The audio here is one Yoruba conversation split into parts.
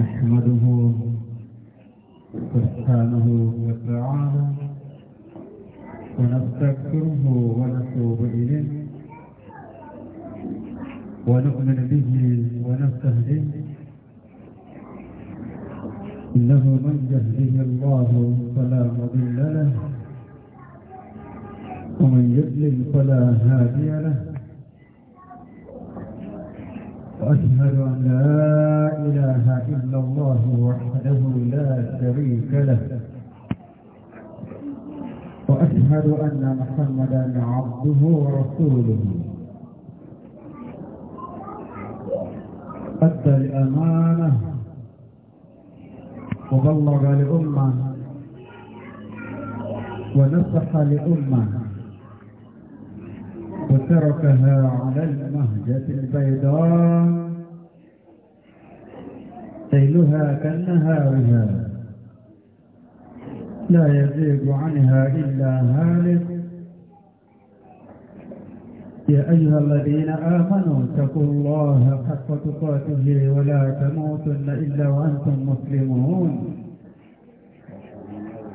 نحمده سبحانه وتعالى ونستغفره ونتوب إليه ونؤمن به ونستهديه إنه من يهده الله فلا مضل له ومن يضلل فلا هادي له وأشهد أن لا إله إلا الله وحده لا شريك له وأشهد أن محمدا عبده ورسوله أدى الأمانة وبلغ لأمة ونصح لأمة وتركها على المهجة البيضاء ليلها كنهارها لا يزيد عنها إلا هالك يا أيها الذين آمنوا اتقوا الله حق تقاته ولا تموتن إلا وأنتم مسلمون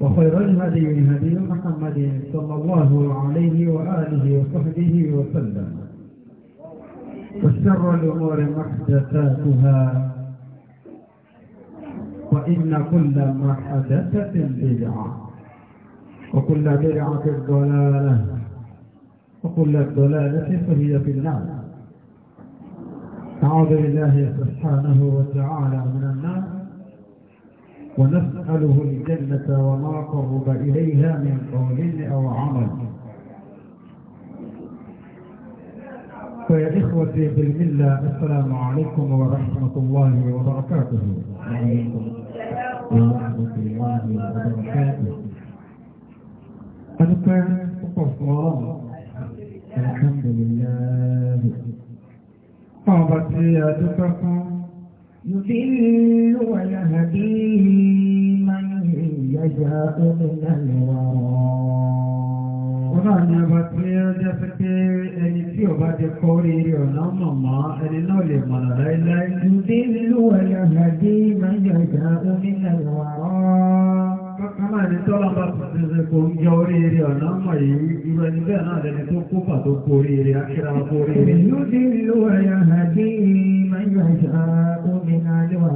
وخير الهدي هدي محمد صلى الله عليه وآله وصحبه وسلم وشر الأمور محدثاتها وإن كل محدثة بدعة وكل بدعة ضلالة وكل الضلالة فهي في النار أعوذ بالله سبحانه وتعالى من النار ونسأله الجنة وما قرب إليها من قول أو عمل فيا إخوتي بالملة السلام عليكم ورحمة الله وبركاته وعليكم ورحمة الله وبركاته أنت الحمد لله يا دكتور يذل ويهديه من يشاء من الورى Ọlọ́run ni ọba tí ó jẹ́ sí pé ẹni tí ọba ti kọ́ oríire ọ̀nà mọ̀mọ́ ẹni náà lè mọ̀nà láíláí. Ìdílé ló wà yàrá dé máa yàrá omi náà wà ọ́ náà ni tọ́lọ́ bá kò sí ṣe kò ń yọ oríire ọ̀nà mọ̀ yìí irú ẹni bẹ́ẹ̀ náà lẹni tó kó pàtó kó oríire akíra kó oríire. ìlú ti lo ẹ̀yà àti ìmọ̀ ìyàṣà gómìnà lẹ́wà.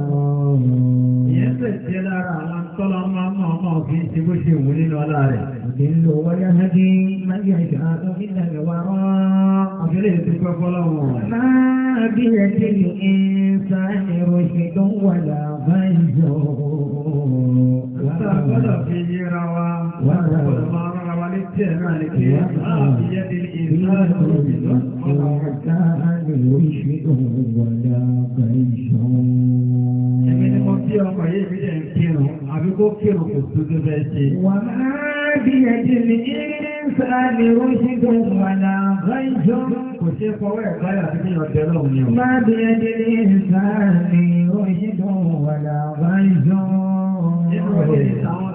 ìyẹn sì jẹ́ lára àwọn tọ́lọ máa mọ̀ ọmọ òfin bó ṣe wù nínú ọlá rẹ̀. Ìdílò wáyá hẹ́dí láyé àṣà àtọ́ ilẹ̀ ìwà rán. Àbílẹ̀ ti pẹ́ fọ́lọ́wọ̀. Máa bí ẹ ti ní ìsá ẹ̀rọ ṣe tó ń wà láàbá ìjọ. Wàrà fi yíra wa. Wàrà máa rán wa létí ẹ̀ náà ní kí máa fi yẹ́ di ìsá ẹ̀rọ ṣe tó ń wà láàbá ìjọ tí ọmọ yìí fi dẹ̀ ń kírun àbí kó kírun kò tó tó bẹ́ẹ̀ ṣe. wà á bí ẹjẹ mi ní sáàlì oṣù tó ń wà náà rẹ́jọ́. kò ṣe fọwọ́ ẹ̀ báyà sí ní ọ̀dẹ́ lọ́wọ́ ni o. má bí ẹjẹ mi sáàlì oṣù tó ń wà náà rẹ́jọ́. nínú ọ̀dẹ́ ìtàwọn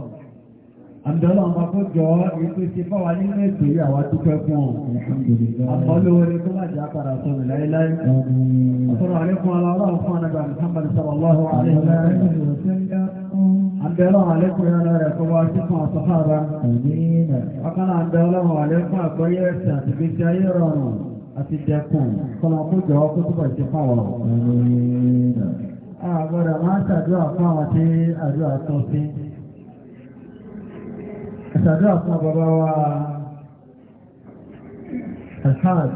Àdọ́lọ́ ọmọ kó jọ ètò ti fọ́ wa nínú ètò yìí àwọn dúpẹ́ fún ọ̀hún. Àpọ̀lówórí tó máa jẹ́ àpàrà sọ̀rọ̀ láíláí. Àtọ́rọ̀ àlékún aláwọ̀ fún ànàgbà Muhammad sallallahu alaihi wa sallam. Àdọ́lọ́ àlékún yára rẹ̀ kó wá sí fún àsọ̀hára. Ọkànlá àdọ́lọ́ àlékún àgbọ́yé ẹ̀sìn àti gbèsè ayé rọrùn àti dẹkùn. Kọ́lá kó jọ kó túbọ̀ ṣe fáwọn. Àgbọ̀dọ̀ máa ń ṣàdúrà fún àwọn tí àdúrà tán sí ẹ̀sàdúrà fún bàbá wa Hassan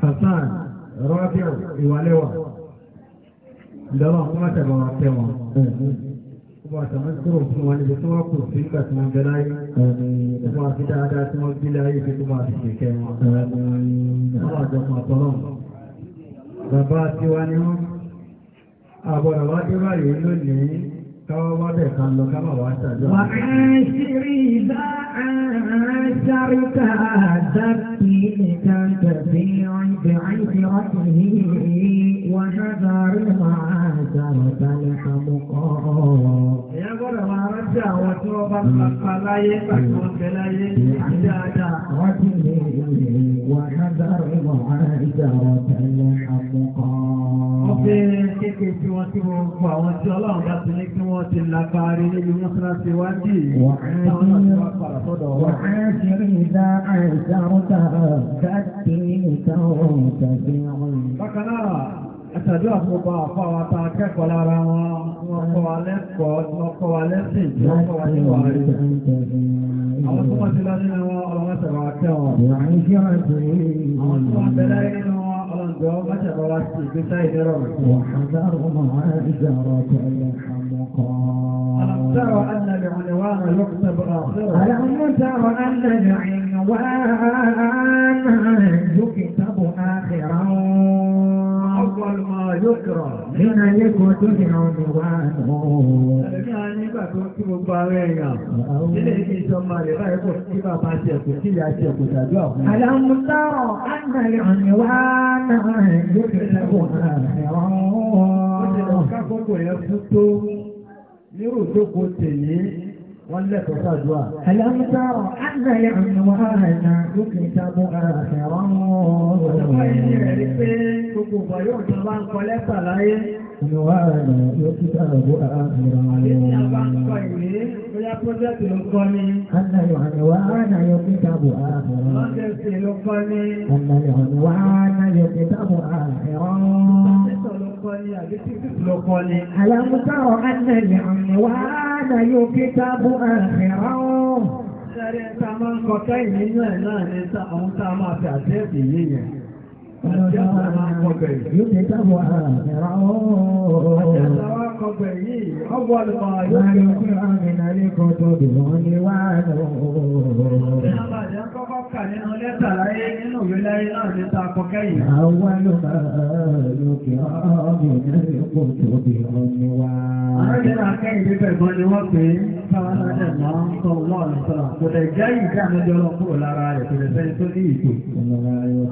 Hassan Rọ́bíọ̀ Ìwàlẹ́wà ìdọ́rọ̀ fún àtẹ̀bọ̀ wa fẹ́ wọn. Ọba àtàwọn kúrò fún wọn níbi tí wọ́n kúrò sí ìgbà tí wọ́n bẹ láyé. Ọba àti dáadáa tí wọ́n gbé láyé fi tó máa fi wọn. Ọba àjọpọ̀ káwọ́ wá bẹ̀ ká lọ káwọ́ wá ṣàjọ́. wà á ṣírí bá a ṣáré ká dábì nìkan tàbí ọ̀dẹ̀ àìsí ọ̀sìn yìí wà á dárí máa ṣàrọ̀ tálẹ̀ àmúkọ́. ìyá gbọ́dọ̀ máa rántí àwọn tí wọ́n bá pa láyé pàtó ọ̀fẹ́ láyé dáadáa. wọ́n ti lè wà á dárí máa ṣàrọ̀ tálẹ̀ àmúkọ́. wọ́n fẹ́ kéèké tí wọ́n ti wọ́n gbọ́ àwọn tí ọlọ́run bá ti ní kí wọ́n. wọ́n ti lágbàárí níbi mọ́sánásí wá dì wàhánṣẹ́rì ìdá àìsàrúta káàkiri ìtàn òun tàbí àwọn ìbákanáà àtàdé àfọ́bà àfáwàta akẹ́kọ̀ọ́ lára wọn wọ́n kọ́ wa lẹ́kọ̀ọ́ wọ́n kọ́ wa lẹ́sìn wọ́n kọ́ wa níwà rí àwọn tó wọ́n ti lọ nínú wọn ọlọ́mọ́sẹ̀ wà kẹ́wọ̀n àwọn tó wọ́n bẹ̀rẹ̀ nínú wọn ọlọ́mọ́sẹ̀ wà ألم تر أن العنوان يكتب آخره ألم تر أن العنوان يكتب آخره أول ما يقرأ من الكتب عنوانه Ẹ̀gbẹ́ni ìgbà tó kí gbogbo ara ẹ̀yàn, ilé ìjọmọ̀ rẹ̀ báyìí kò sí bàbá ti ẹ̀kù sí ìyá ti ẹ̀kù tàbí ọ̀fún. Àlàmùtọ́ nírò jókòó tèmi wọ́n lẹ́kọ̀ọ́ sàdúrà. Àlàmútàrọ̀ àgbà yà ń wá àìnà lókè ìjábọ̀ àṣẹ̀rọ̀ wọn. Ọ̀sán yìí rẹ̀ rí pé gbogbo ọ̀gbà yóò tán bá ń kọ lẹ́tà láyé. Ìwà àìnà lókè ìjábọ̀ àṣẹ̀rọ̀ wọn. Àbí àbá ń kọ ìwé, bóyá pọ́jẹ́tì ló kọ́ ni. Àná ìwà àìnà lókè ìjábọ̀ àṣẹ̀rọ̀ wọn. Pọ́jẹ́tì ló kọ́ ni. Àná ìwà àìnà lókè ìjábọ̀ àṣẹ̀rọ̀ wọn. ألم تر أن العنوان يكتب آخره. Ṣẹ́rẹ́ ta máa ń kọ kẹ́yìn nínú Yóò tẹ́ tábọ̀ àrùn ẹ̀rọ ọ̀rọ̀ ọ̀rọ̀ yìí, ọgbọ̀ ọ̀lọ́mọ̀ yóò tẹ́ ọkùnrin àmì náà lè kọ́ tó dì wọ́n ní wà lọ́wọ́. Ìjọba kọ́kọ́ kà nínú lẹ́tà láyé nínú ìwé láyé náà ní ta kọ́kẹ́ yìí. Àwọn ọlọ́mọ̀ lókè ọmọ náà lè kọ́ tó dì wọ́n ní wà. Àwọn ìjọba akẹ́yìn pípẹ́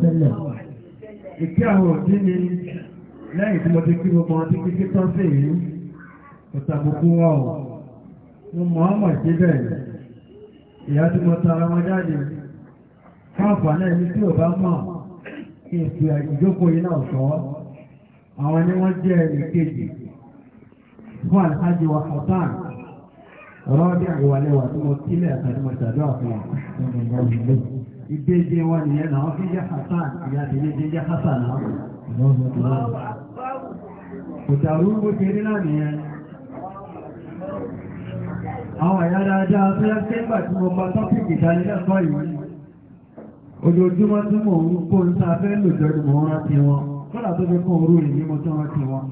ìbọn ni ìkí àwọn òbí mi lẹ́yìn tí mo ti kí gbogbo wọn ti kí kí tán sí yìí ọ̀tàbùkù wa ò mo mọ̀ ọ́mọ̀ ìdí bẹ́ẹ̀ ìyá tí mo tara wọn jáde káàpà náà ní tí ò bá mọ̀ kí n fi ìjókòó yìí náà sọ àwọn ni wọ́n jẹ́ ìkejì fún àlhájì wa ọ̀tàn ọ̀rọ̀ bí àìwálẹ̀ wà tí mo kílẹ̀ àtàdé mo ṣàdúrà fún wa ìgbéje wọn nìyẹn náà wọ́n fi jẹ́ hasan ìyá ti ní jẹ́ hasan náà òtàrú ó ti rí náà nìyẹn àwọn ẹ̀yà dáadáa tó yá sí ẹgbà ni mò ń rántí wọn kọ́là tó fi kún orú ìní mo tán rántí wọn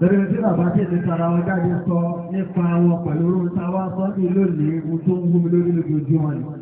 lẹ́rẹ̀ tí bàbá tí èdè sára wọn jáde sọ nípa wọn pẹ̀lú orú táwa sọ́dún lónìí ohun tó ń gúnmi lórí lójoojúmọ́ ni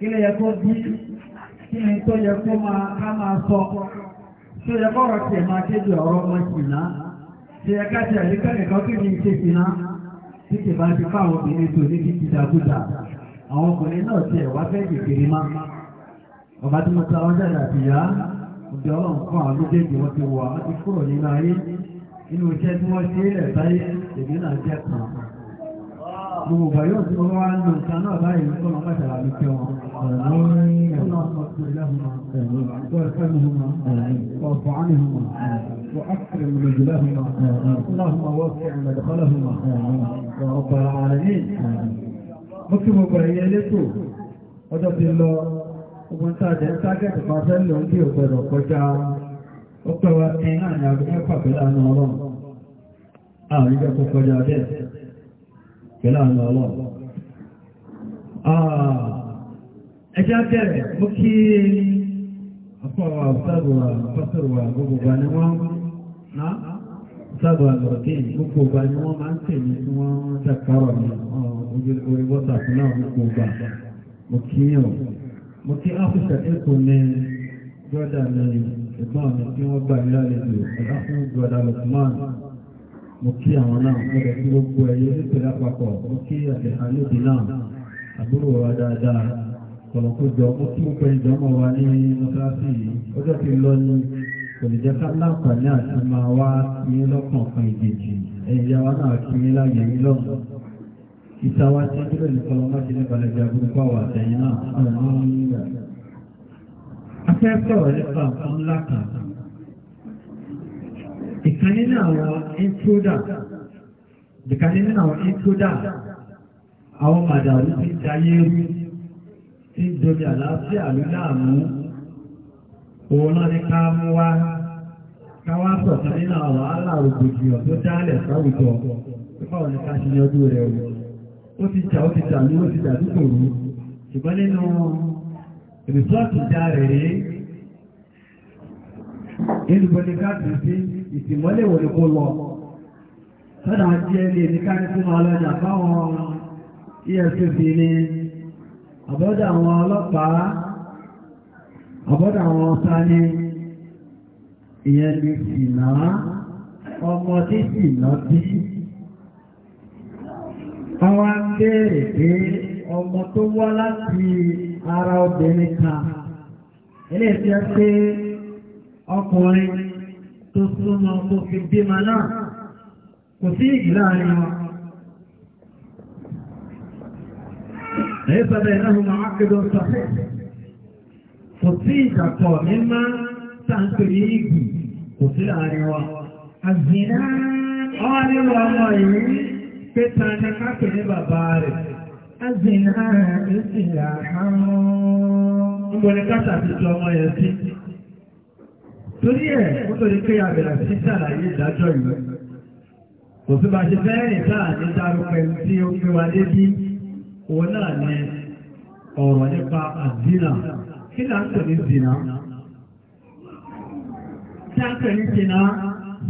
kí lè yẹ kó bí kí ni tó yẹ kó máa ká máa sọ tó yẹ kó ọ̀rọ̀ tiẹ̀ máa kéde ọ̀rọ̀ ọmọ ìsìnà ṣe yẹ ká ti àdékọ́ nìkan kí ni ṣe ìsìnà tí kì bá ti fáwọn obìnrin tó ní kí jìdàkúdà àwọn ọkùnrin náà tiẹ̀ wá fẹ́ kékeré má ọba tí mo ta ọjà dàbíyá òbí ọlọ́run fún àwọn méjèèjì wọn ti wà inú iṣẹ́ tí wọ́n ṣe ilẹ̀ báyé èmi náà jẹ́ kan. Gbogbo ìgbà tí wọ́n wá ń lo nǹkan náà báyìí ń kọ́ lọ́mọ́ ìṣàlàyé pé wọn. اللهم اغفر لهما وارحمهما واعف عنهما واكرم نزلهما اللهم وسع مدخلهما يا رب العالمين مكتوب بريالته ọjọ́ ti lọ ogun tàbí tágẹ́tì kan fẹ́ lòun bí òpẹ̀rọ̀ kọjá ó pẹ̀wà ní àrìn àgbẹ́ pàpẹ̀lánà ọlọ́run àrìn jẹ́ kó kọjá bẹ́ẹ̀ pẹ̀lánà ọlọ́run ẹjá bẹ̀rẹ̀ mú kí àpọ̀wà ọ̀sáàbùwà pọ́sọ̀rọ̀wà gbogbo wa ni wọ́n ná ọ̀sáàbùwà lọ́rọ̀kín gbogbo wa ni wọ́n máa ń tè ní tí wọ́n dàkárọ̀ ní orí wọ́sàpù náà gbogbo wa mú kí yàn mú kí áfíṣà èkó ní gbọ́dà ní ẹ̀gbọ́n mi tí wọ́n gbà ní mo kí àwọn náà mo lè fi gbogbo ẹ̀yẹ nítorí àpapọ̀ mo kí àtẹ̀hánú ìdí náà àbúrò wa dáadáa kọ̀lọ̀kójọ ó kí ó pẹ́ ìjọmọ̀ wa ní mọ́sáàsì yìí ọjọ́ ti lọ ní kò lè jẹ́ láǹfààní àti máa wá ní lọ́kàn kan ìdèjì ẹ̀yà wa náà kí ní láàyè ní lọ́nà ìta wa ti dúró ní kọlọmọ́sí ní balẹ̀jà gbogbo àwọn àtẹ̀yìn náà ọ̀nà ní ìgbà. akẹ́kọ̀ọ́ nípa nǹkan ńlá kan ìkan nínú àwọn intruder ìkan nínú àwọn intruder àwọn màdàrú ti dayé tí ń àlàáfíà ló láàmú òun náà ní ká mú wá káwá sọ̀tàn nínú àwọn aláàrùgbòjìyàn tó dálẹ̀ sáwùjọ ní ká ṣe ní ọdún rẹ̀ ó ti jà ó ti jà ó ti jà dúkò rú ṣùgbọ́n nínú rìsọ́ọ̀tì já rẹ̀ rí àbọ́dọ̀ àwọn ọlọ́pàá àbọ́dọ̀ àwọn ọ̀tá ní ìyẹn ní ìsìnà ọmọ tí ìsìnà bí àwọn ń bèèrè pé ọmọ tó wá láti ara obìnrin kan ilé pé ọkùnrin tó súnmọ́ tó fi ma náà kò sí ìgbìláàrin wọn ليس بينهما عقد صحيح فصيحة قائمة تنتريج وفي الأروى الزنا أروى مي كتانا كتن ببار الزنا إسلاحا مبنكتا في الجمع يسي torí ẹ̀ ó tó ní pé àbẹ̀rẹ̀ sí sàlàyé ìdájọ́ ìlú kò sí bá ṣe fẹ́rìn táà ní dárúkọ ẹni tí ó gbé wa débí òun náà ni ọ̀rọ̀ nípa àzínà kí là ń pè ní zínà kí à ń pè ní zínà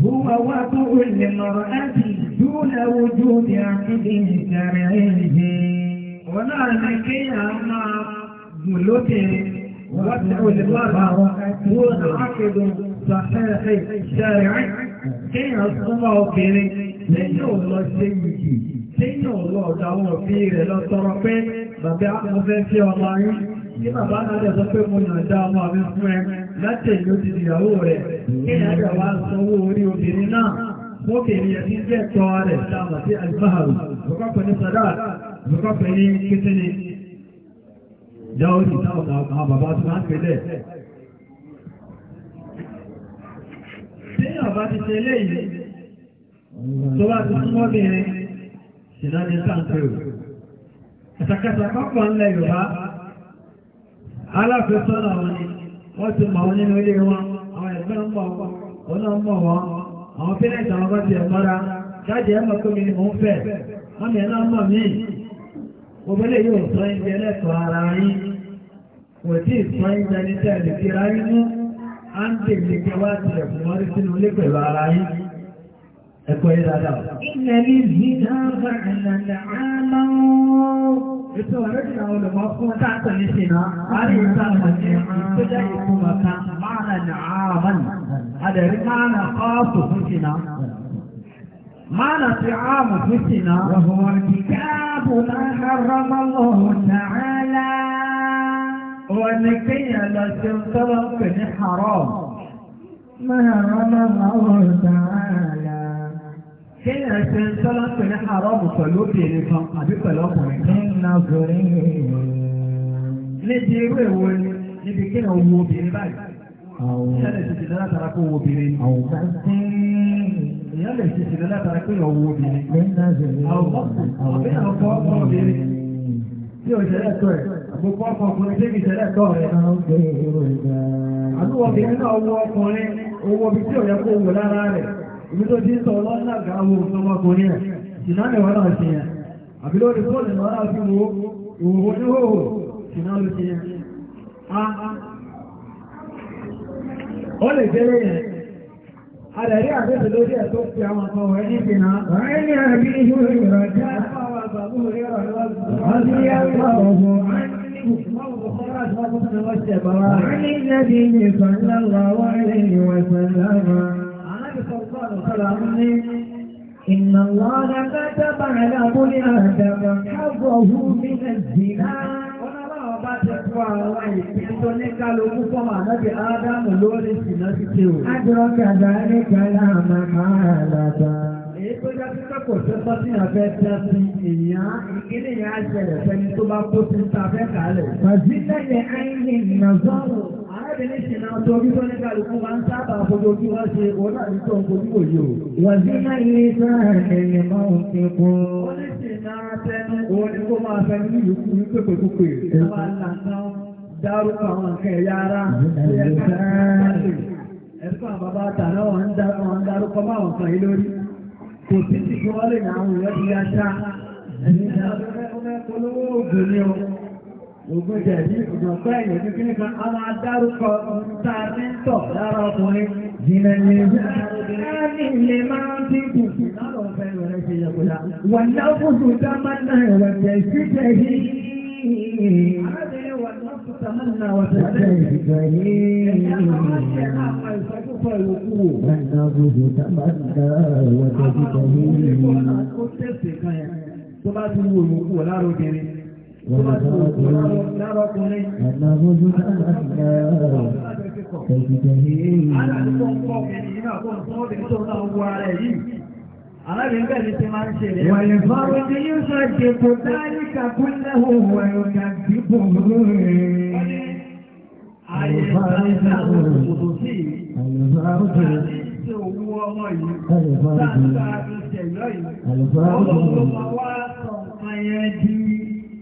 هو وضع للمرأة دون وجود عقد شرعيه ولا نكي أما ملوكي وضع للمرأة دون عقد صحيح شرعي كي أصبح كريم lẹ́yìn ò lọ ṣe wìkì lẹ́yìn ò lọ ọ̀dọ̀ àwọn òbí rẹ̀ lọ tọrọ pé bàbá mo fẹ́ fi ọmọ yín kí bàbá náà lè sọ pé mo yàn dá ọmọ mi fún ẹ láti èyí ó ti ìyàwó rẹ̀ kí ni àgbà wa sanwó orí obìnrin náà mọ́kè ni ẹni jẹ́ tọ́ rẹ̀ dáàmà sí alifaharu bùkọ́pẹ̀ ní sadà bùkọ́pẹ̀ ní kété ní jáwórí táwọn bàbá tó máa ń pèlẹ̀ tí àbá ti ṣe léyìí tó bá ti súnmọ́ bí i ṣìnà ní sáńtẹ̀rù ẹ̀sàkẹsà pápọ̀ ńlẹ̀ Yorùbá aláfẹ́sọ́nà wọn ni wọ́n ti mọ̀ wọn nínú ilé wọn àwọn ẹ̀gbẹ́ ń mọ̀ wọn ń mọ̀ wọn àwọn pínlẹ̀tì àwọn bá ti ẹ̀ jáde ẹ̀mọ̀ tó mi ni mò ń fẹ́ wọ́n ni ẹ̀nà mọ̀ mí obìnrin yóò sọ ìjẹ lẹ́tọ̀ọ́ ara yín kò tí ì sọ ìjẹ ní إن ان ان ان ان ان ان فعلا نعاما يتوارجنا ان أخونا تعطى لسنا هذا معنى قاف لسنا معنى تعام لسنا وهو الكتاب ما حرم الله تعالى وأن كي لا تنطلق حرام ما حرم الله تعالى kéèyàn ṣe ń tọ́lá ń pè ní àrọ́ọ̀mù pẹ̀lú obìnrin kan àbí pẹ̀lú ọkùnrin kan. nínú obìnrin níbi irú èwo ni níbi kéèyàn wo obìnrin báyìí. ìyálẹ̀ ti ṣẹlẹ̀ látara kó wo obìnrin. ìyálẹ̀ ti ṣẹlẹ̀ látara kó yàn wo obìnrin. àwọn ọkùnrin àbí àwọn ọkọ ọkọ obìnrin tí o ṣẹlẹ̀ tọ́ ẹ̀ àgbòkọ ọkọ ọkùnrin tí kì í ṣẹlẹ̀ tọ́ rẹ̀. àbúrò obìnrin náà wo ọkùnrin owó ibi tí ò yẹ kó wò lára rẹ̀ ibi tó ti ń sọ ọlọ́run náà ká àwọn òun ọmọkùnrin ẹ̀ ṣìnà lè wọ́n náà ṣe yẹn àbí lórí fóònù wọn náà fi wo òwò níhòòhò ṣìnà ló ṣe yẹn. ó lè kéré yẹn Adàrí àgbẹ̀sẹ̀ lórí ẹ̀ tó fi àwọn ọmọ rẹ̀ ní ìpinna. Ọ̀rẹ́ ní àbí ìlú ìrọ̀jà. Àbí àwọn ọmọ rẹ̀. عن النبي صلى الله عليه وسلم إن الله كتب على كل آدم حظه من الزنا bá ti kú àwọn ìpín tó ní kálukú fún ànábì Ádámù lórí ìsìná ti ti o. Ájọ́ kàdá ní kàlá màmá àlàdà. Èyí tó já sí pẹ́kọ̀ tó tọ́ sí àfẹ́ tẹ́ sí èèyàn ìkíní yẹn á ṣẹlẹ̀ fẹ́ni tó bá kó sí ta fẹ́ kálẹ̀. Màsí lẹ́yìn àìní ìnàzọ́rò jáde ọjọ́ wípé ní ń sábà fojojú wá ṣe òun náà nítorí ọkọ̀ ojú òye o. Wàjú náà ilé sáà ẹ̀yẹ̀ máa ń fi kún. Ó ní tẹnu òun ni kó máa fẹ́ ní ìlú kú ní pèpèkúpè. Ó máa dárúkọ àwọn nǹkan ẹ̀yà ara. Ẹ̀kọ́ àwọn bàbá àtàlọ́ wọn ń dárúkọ máa wọn kan yìí lórí. Kò sí ti kí wọ́n lè ní àwọn ìwé Ògùn jẹ̀bí ìjọ̀pẹ́ ìlú kíní kan, a máa dárúkọ ta ní tọ̀ lára ọkùnrin. Jìnà lè ní ilé máa ń dín kù. Lọ́rọ̀ ọ̀fẹ́ rẹ̀ ṣe yẹ̀kọ̀dá. Wà láwùjọ dá máa ń náà rẹ̀ jẹ̀ sí jẹ̀ yìí. Arábìnrin wà ní ọ̀pọ̀ tàmí náà wà tẹ̀lé ìjọ̀ yìí. Ẹ̀yà máa ń ṣe àwọn ìfẹ́kùfẹ́ ìlú kú. Wà láwùjọ dá máa ń náà rẹ̀ jẹ̀ sí jẹ̀ yìí. Ó tẹ̀sẹ̀ kan yẹn tó bá ti wù òyìnbó lára obìnrin. والفرد يصدق ذلك كله ويكذبه الفرد الفرد الفرد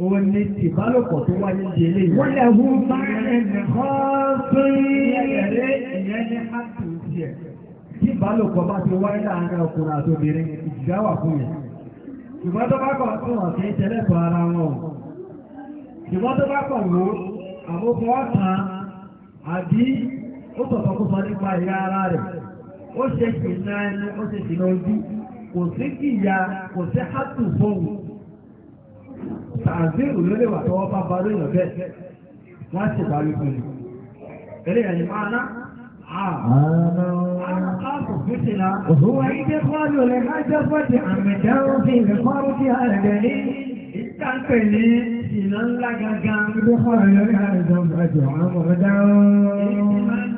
òun ni ìbálòpọ̀ tó wáyé di eléyìí. wọ́n lè hu máàrin nìkan pé ẹ̀rẹ́ ìyẹn ní hàtù tiẹ̀. tí ìbálòpọ̀ bá ti wáyé láàárín ọkùnrin àti obìnrin ìjìgá wà fún yẹn. ṣùgbọ́n tó bá kọ̀ tó hàn kí tẹ́lẹ̀tọ̀ ara wọn. ṣùgbọ́n tó bá kọ̀ wò àbókùn ọ̀tàn àbí ó tọ̀tọ̀ kó sọ nípa ìyá ara rẹ̀. ó ṣe ṣìnà ẹnu ó ṣe ṣìnà ojú kò sí kìyà kò sí hàtù fóun tààzírù ló lè wà tọwọ́ bá ba lóyìn bẹ́ẹ̀ wọ́n á sì bá rí fún mi. eré ẹ̀yìn máa ná هو إدخال الحاجة عن مجاوف الفرد أردني إستنقلي إلى الله كان إدخال الحاجة عن مجاوف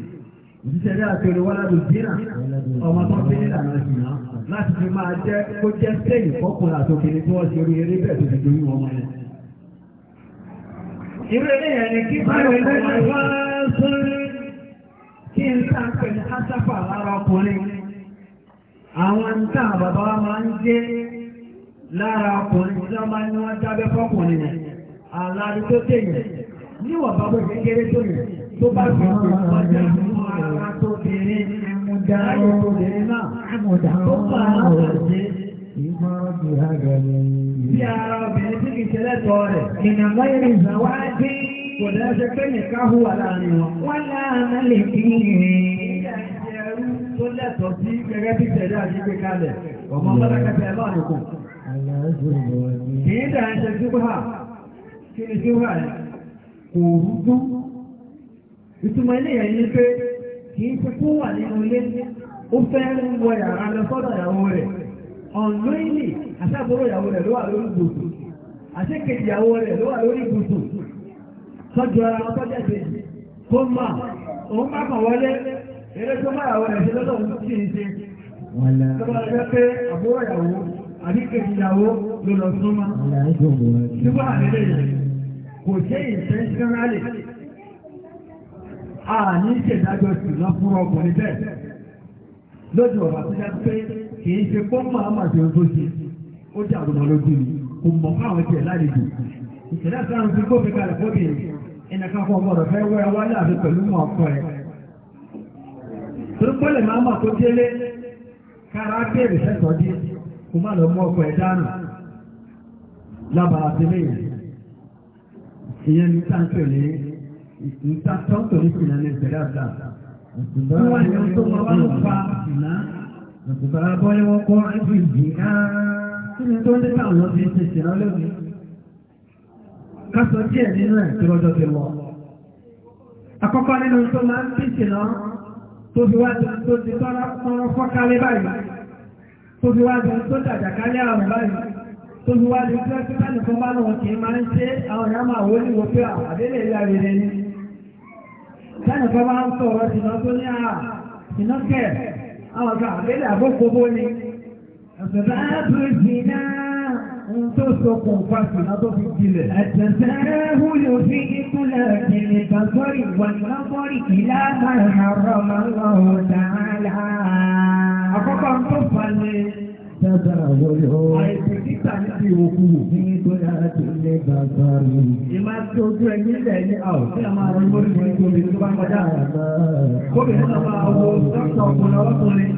ìṣẹ̀lẹ̀ àtẹ̀rẹ wọ́n ládùn dínà ọmọ tó ń fi nílà náà sì náà láti fi máa jẹ́ kó jẹ́ sẹ́yìn fọ́kùnrin àtòkìnrin tí wọ́n ṣe orí eré bẹ́ẹ̀ tó ti dorí wọn mọ́lẹ̀. irú eré yẹn ni kí báyọ̀ lẹ́yìn wá sórí kí n tá ń pè ní ásáfà lára ọkùnrin àwọn ń tà bàbá wa máa ń gé lára ọkùnrin tí wọ́n máa ń ní wọ́n dábẹ́ fọ́kùnrin yẹn àlàrí tó tẹ̀yìn níwọ̀n bàbá òṣèkéré tó yẹn tó bá gbọ́dọ̀ kọjá fún ara tó bèrè àmúdá ayé tó bèrè náà àmúdá tó fà á àjẹ́. Bí ara obìnrin tí kìí ṣẹlẹ́tọ̀ rẹ̀, ìnàmọ́ ìrìn ìzàwá dé kò lẹ́sẹ̀ pé nìkan hùwà láàrin wọn. Wọ́n láàánú lè fi rìn. Ẹrú tó lẹ́tọ̀ọ́ sí gẹ́gẹ́ bí tẹ̀lé àṣìgbé kalẹ̀, ọmọ mọ́lákàtà ẹ̀ lọ́nà Kò rúgbó ìtumọ̀ eléyà ni pé kì í ṣe kó wà nínú ilé ó fẹ́ ń wọ yàrá lọ sọ́dọ̀ ìyàwó rẹ̀ ọ̀nlọ́ìlì àṣàbúrò ìyàwó rẹ̀ ló wà lórí gbòòtò àṣẹ́kejì ìyàwó rẹ̀ ló wà lórí gbòòtò tọ́jú ara wọn tọ́jú ẹ̀kejì kó mà òun má kàn wọlé eré tó má ìyàwó rẹ̀ ṣe lọ́dọ̀ òun sì ń ṣe lọ́wọ́ ẹgbẹ́ pé àbúrò ìyàwó àbí a ní ìṣèdájọ́ ìṣúná fún ọkùnrin bẹ́ẹ̀ lójú ọ̀rọ̀ àtijọ́ pé kì í ṣe ṣe ó jẹ́ lójú kò mọ̀ ìṣẹ̀lẹ̀ sáà ń fi kalẹ̀ fún fẹ́ wẹ́ pẹ̀lú mọ̀ ọkọ ẹ̀ torí pẹ́lẹ̀ tó délé kára sẹ́tọ̀ má lọ ọkọ ẹ̀ dánù nta tọ́tọ̀ ní sinna ní bẹ̀rẹ̀ àgbà. Wọ́n ní tó wọ́n wá ló fa sinna. Bàbá ni wọ́n kọ́ ẹ̀fọ́ ìdí náà. Kí ni tó ń dẹ́ta àwọn ti ṣe sinna lónìí? Ká sọ díẹ̀ nínú ẹ̀ tí lọ́jọ́ ti wọ̀. Àkọ́kọ́ nínú tó máa ń fi sinna tó fi wá tó ti tọ́lá tọ́lá fọ́kálé báyìí. Tó fi wá tó dàjàkálẹ̀ àrùn báyìí tó fi wá di pé pípẹ́ bá lọ́wọ́ kì í máa ń ṣe àwọn èèyàn máa wọlé wọ pé àdélé ìlà rere ni. Lẹ́nu kan máa ń sọ̀rọ̀ ìná tó ní àà ìná kẹ̀ àwọn ọ̀gá àgbélé àbókòbó ni. Ẹ̀sọ̀dá Bírísì náà ń tó sokùn fa ìná tó fi jilẹ̀. fi ìkúlẹ̀ òkèlè tọ́sọ́rì wọn lọ́kọ́rì ìlà máa ń rọ̀ mọ́ ọ̀dà dábàá wọlé ọ. àìsàn títà níbi òkú. nítorí àti ilé bàbá mi. ìmá tí ojú ẹ nílẹ̀ ní àwọ̀ tí a máa rí lórí ìwé tóbi tó bá kọjá. kóbìnrin náà máa wo dókítà ọkùnrin ọlọ́kùnrin.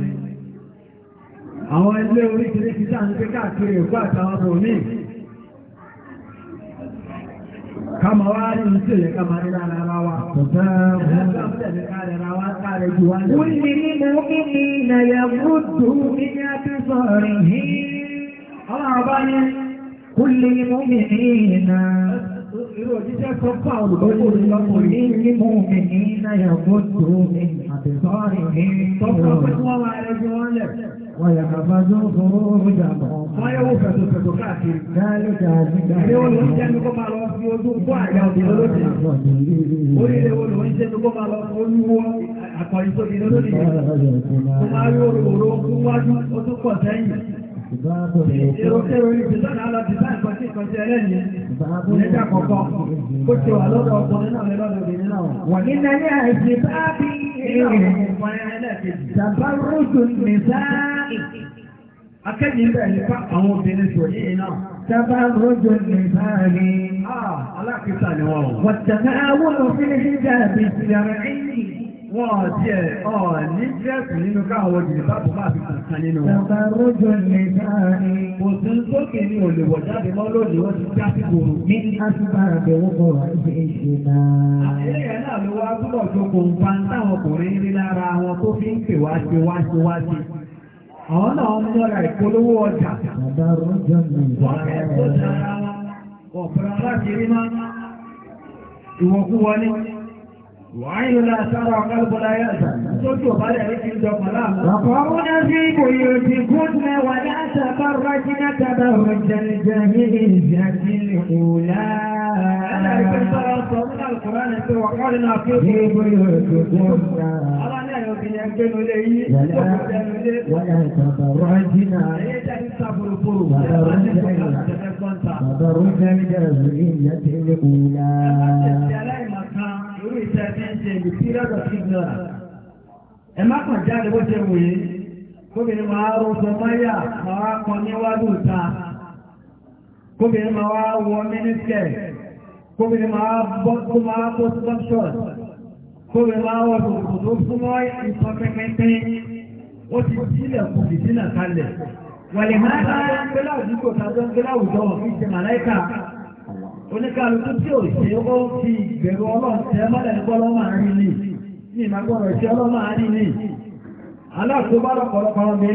àwọn ilé orí kìrìkìtà ń gbé káàkiri èkó àtàwọn ọmọ mi kama wá ní ìṣe yẹ kama ní lára ara wa. Wúni ni Nàyà Búdù ní ní Abísọ̀rì yìí. Ọlọ́run bá ní kúlì mú mi ní ìnà irú òjíṣẹ́ tó fà olùkọ́kọ́ ní mímú mi ní náyàwó tó mi àbẹ̀sọ́rì mi tó fọ́ pé wọ́n wá ẹgbẹ́ lẹ̀. Wọ́n yà bàbá tó fowó rújà bọ̀. Wọ́n yẹ wo fẹ̀tò fẹ̀tò káàkiri. Dáálé dáálé dáálé. Ilé wo jẹ́ ní kó máa lọ fi ojú kó àyà òbílẹ̀ lóde? Oríire wo ló jẹ́ ní kó máa lọ fi ojú wọ́ àkọ́yí tó lóde? Mo máa rí òróró kú wájú ó tún pọ̀ sẹ́yìn. Báàbò ni ó ṣe orí ìpínlẹ̀ náà lọ ti bá nǹkan sí nǹkan sí ẹlẹ́ni. Báàbò ni ó kọ̀kọ́. Ó ti wà lọ́dọ̀ ọkùnrin náà lọ́dọ̀ obìnrin náà. Wà ní Nàní àìsí báàbí ìrìn ọkùnrin ẹlẹ́kejì. Bàbá Rúdù ní sáàì. Akẹ́yìn bẹ́ẹ̀ ni bá àwọn obìnrin sọ yìí náà. Bàbá Rúdù ní sáàì. Alákìísà ni wọ́n. Wàtàkà àwọn òfin ìjà àbí ìsìlẹ̀ rẹ̀ Wọ́n ti ẹ̀ ọ̀ ní dírẹ́sì nínú káwọn jìnnì bábò máa fi kàn kan nínú wọn. Bàbá Rójọ lè dáre. Kò sí sókè ní olùwọ̀ jáde mọ́ lónìí, wọ́n ti já sí gbòòrò. Ní àtúbà àbẹ̀wò bọ̀ wá ní ìṣe náà. Àṣeyẹ náà ló wá túbọ̀ jókòó ń pa ń táwọn ọkùnrin rí lára wọn tó fi ń pè wá ṣe wá ṣe wá ṣe. Àwọn náà ń múra ìpolówó ọjà. Bàbá Rójọ lè dáre. Wọ́n kẹ́ وعينا ترى قلب لا يأذن وقرن في بيوتكن ولا تبرجن تبرج الجاهلية الأولى في بيوتكن ولا تبرجن تبرج الجاهلية الأولى irú iṣẹ́ tí ń ṣe ìlú sí rẹ́dọ̀ sí náà ẹ má kàn jáde bó ṣe wòye kóbìnrin máa rọ sọmọ́yà máa wá kan níwájú ìta kóbìnrin máa wá wọ mínísítẹ̀ kóbìnrin máa bọ́ tó máa kó sọ́ṣọ̀ kóbìnrin máa wọ tòkòtò tó súnmọ́ ìtọ́ pínpín ó ti sílẹ̀ kù fìdínà kalẹ̀ wàlẹ̀ máa ń gbé láwùjọ tàbí oníkàlùkù tí ò ṣe ó fi ìbẹ̀rù ọlọ́run mọ́lẹ̀ nípa ọlọ́run ní ní aláàtúbọ̀ lọ́pọ̀lọpọ̀ ọmọ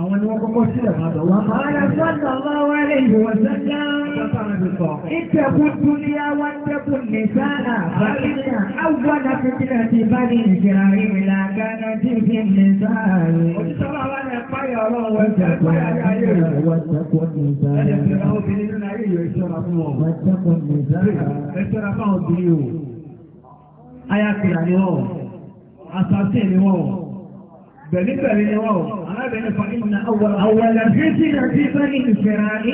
àwọn ni wọ́n kọ́kọ́ sílẹ̀ máa dọ̀wọ́. Wàhálà sọ́dọ̀ bá wà lè yíwọ̀ sọ́dọ̀. Ìtẹ̀kù dúníyà wá tẹ́kù nìsáàlà bàbíyà. Àwọ̀dà fìtìlà ti bá ní ìjìnlá ìrìnlá gánà tí fi nìsáàlà. Òṣìṣẹ́ wà wá ní ẹ̀páyà ọlọ́run wọ́n jẹ́ ẹ̀páyà ayé rẹ̀. Wọ́n tẹ́kù nìsáàlà. Ẹ̀jẹ̀ fi ra obìnrin nínú ayé yóò ṣọ́ra fún wọn. Wọ́n tẹ́kù nìsáàlà. Ẹ ṣọ́ra fáwọn obìnrin o. Ayá kìlà ni wọ́n. Àṣàṣe ni wọ́n. Bẹ̀líbẹ̀lí ni wọ́n o, alábẹ̀rẹ̀ fa ìnà àwọ̀lẹ̀ fìtínà tí bẹ́ẹ̀ ní ìfẹ̀rẹ̀ ní.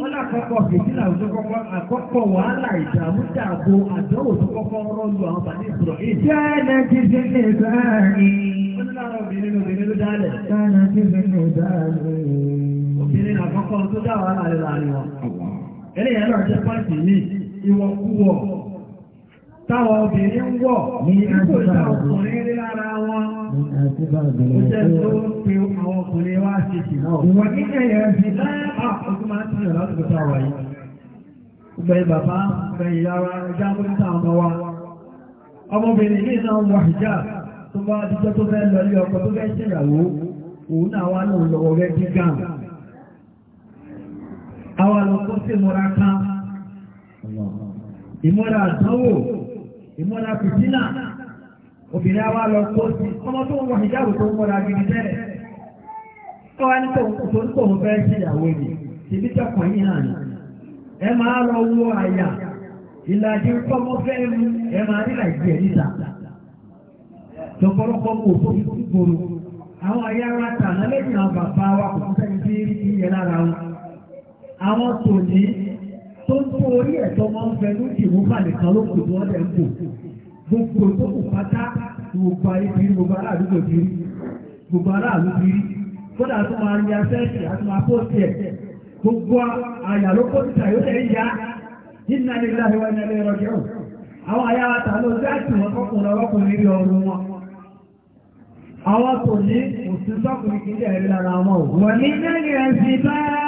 Wọ́n lákọ̀ọ́kọ́ fìtínà tó kọ́kọ́ àkọ́kọ́ wàhálà ìdààmú dààbò àdánwò tó kọ́kọ́ rọ́ọ̀lù àwọn bàbá ìbùrọ̀ yìí. Jẹ́ẹ̀nà ti fi ní ìbáàrí. Wọ́n ní láwọn obìnrin obìnrin ló dálẹ̀. Jẹ́ẹ̀nà ti fi ní ìbáàrí. Obìnrin táwọn obìnrin ń wọ̀ ní àtìbá ọkùnrin rí lára wọn. Ó jẹ́ tó pe àwọn ọkùnrin wá ṣe sì náà. Ìwọ nígbà yẹn fi láyàpá ojú máa ń tẹ̀lé láti kọta wà yìí. Gbẹ̀yìn bàbá, gbẹ̀yìn yàrá, ẹja ń gbé táwọn ọmọ wa. Ọmọbìnrin yìí náà wọ àjà tó bá díjọ́ tó fẹ́ lọ ilé ọkọ tó fẹ́ ṣèyàwó. Òun náà wá lòun lọ́wọ́ rẹ́ gíga. Àwọn àlọ́kọ́ sí ìmúra kan. Ìmúra àdánwò ìmúra fìtínà obìnrin àwa lọ kó sí ọmọ tó ń wọ ìjáàbò tó ń mọ́ra gidi tẹ́lẹ̀ kọ́ wa ní tó ń fẹ́ ṣèyàwó ni tìbí tọkàn yìí hàn ní ẹ máa lọ wo àyà ìlàjì tọmọ fẹ́ mu ẹ máa rí làjì níta mú òfò gbòòrò àwọn àyà ara tà náà lẹ́yìn àwọn bàbá wa kò tún lára wọn tó ń tó orí ẹ̀tọ́ máa ń fẹ́ lókè mú balẹ̀ kan ló kù tó wọ́n dẹ̀ ń kù gbogbo tó kù pátá gbogbo ayé ti rí gbogbo aráàlú kò ti rí gbogbo aráàlú ti rí kódà tó máa rí asẹ́ẹ̀sì àti máa pọ̀ sí ẹ̀ gbogbo àyà ló kó títà yóò tẹ̀ yá nínú alẹ́ ilé ayé wa ní alẹ́ ìrọ̀jẹ́ àwọn àyà ta ló dá sí wọn kọkùnrin ọkùnrin rí ọrùn wọn àwọn tòní òsínsọ́kùnrin kìí ẹ̀rí lára wọn ò wọ́n ní nílẹ̀ sí báyà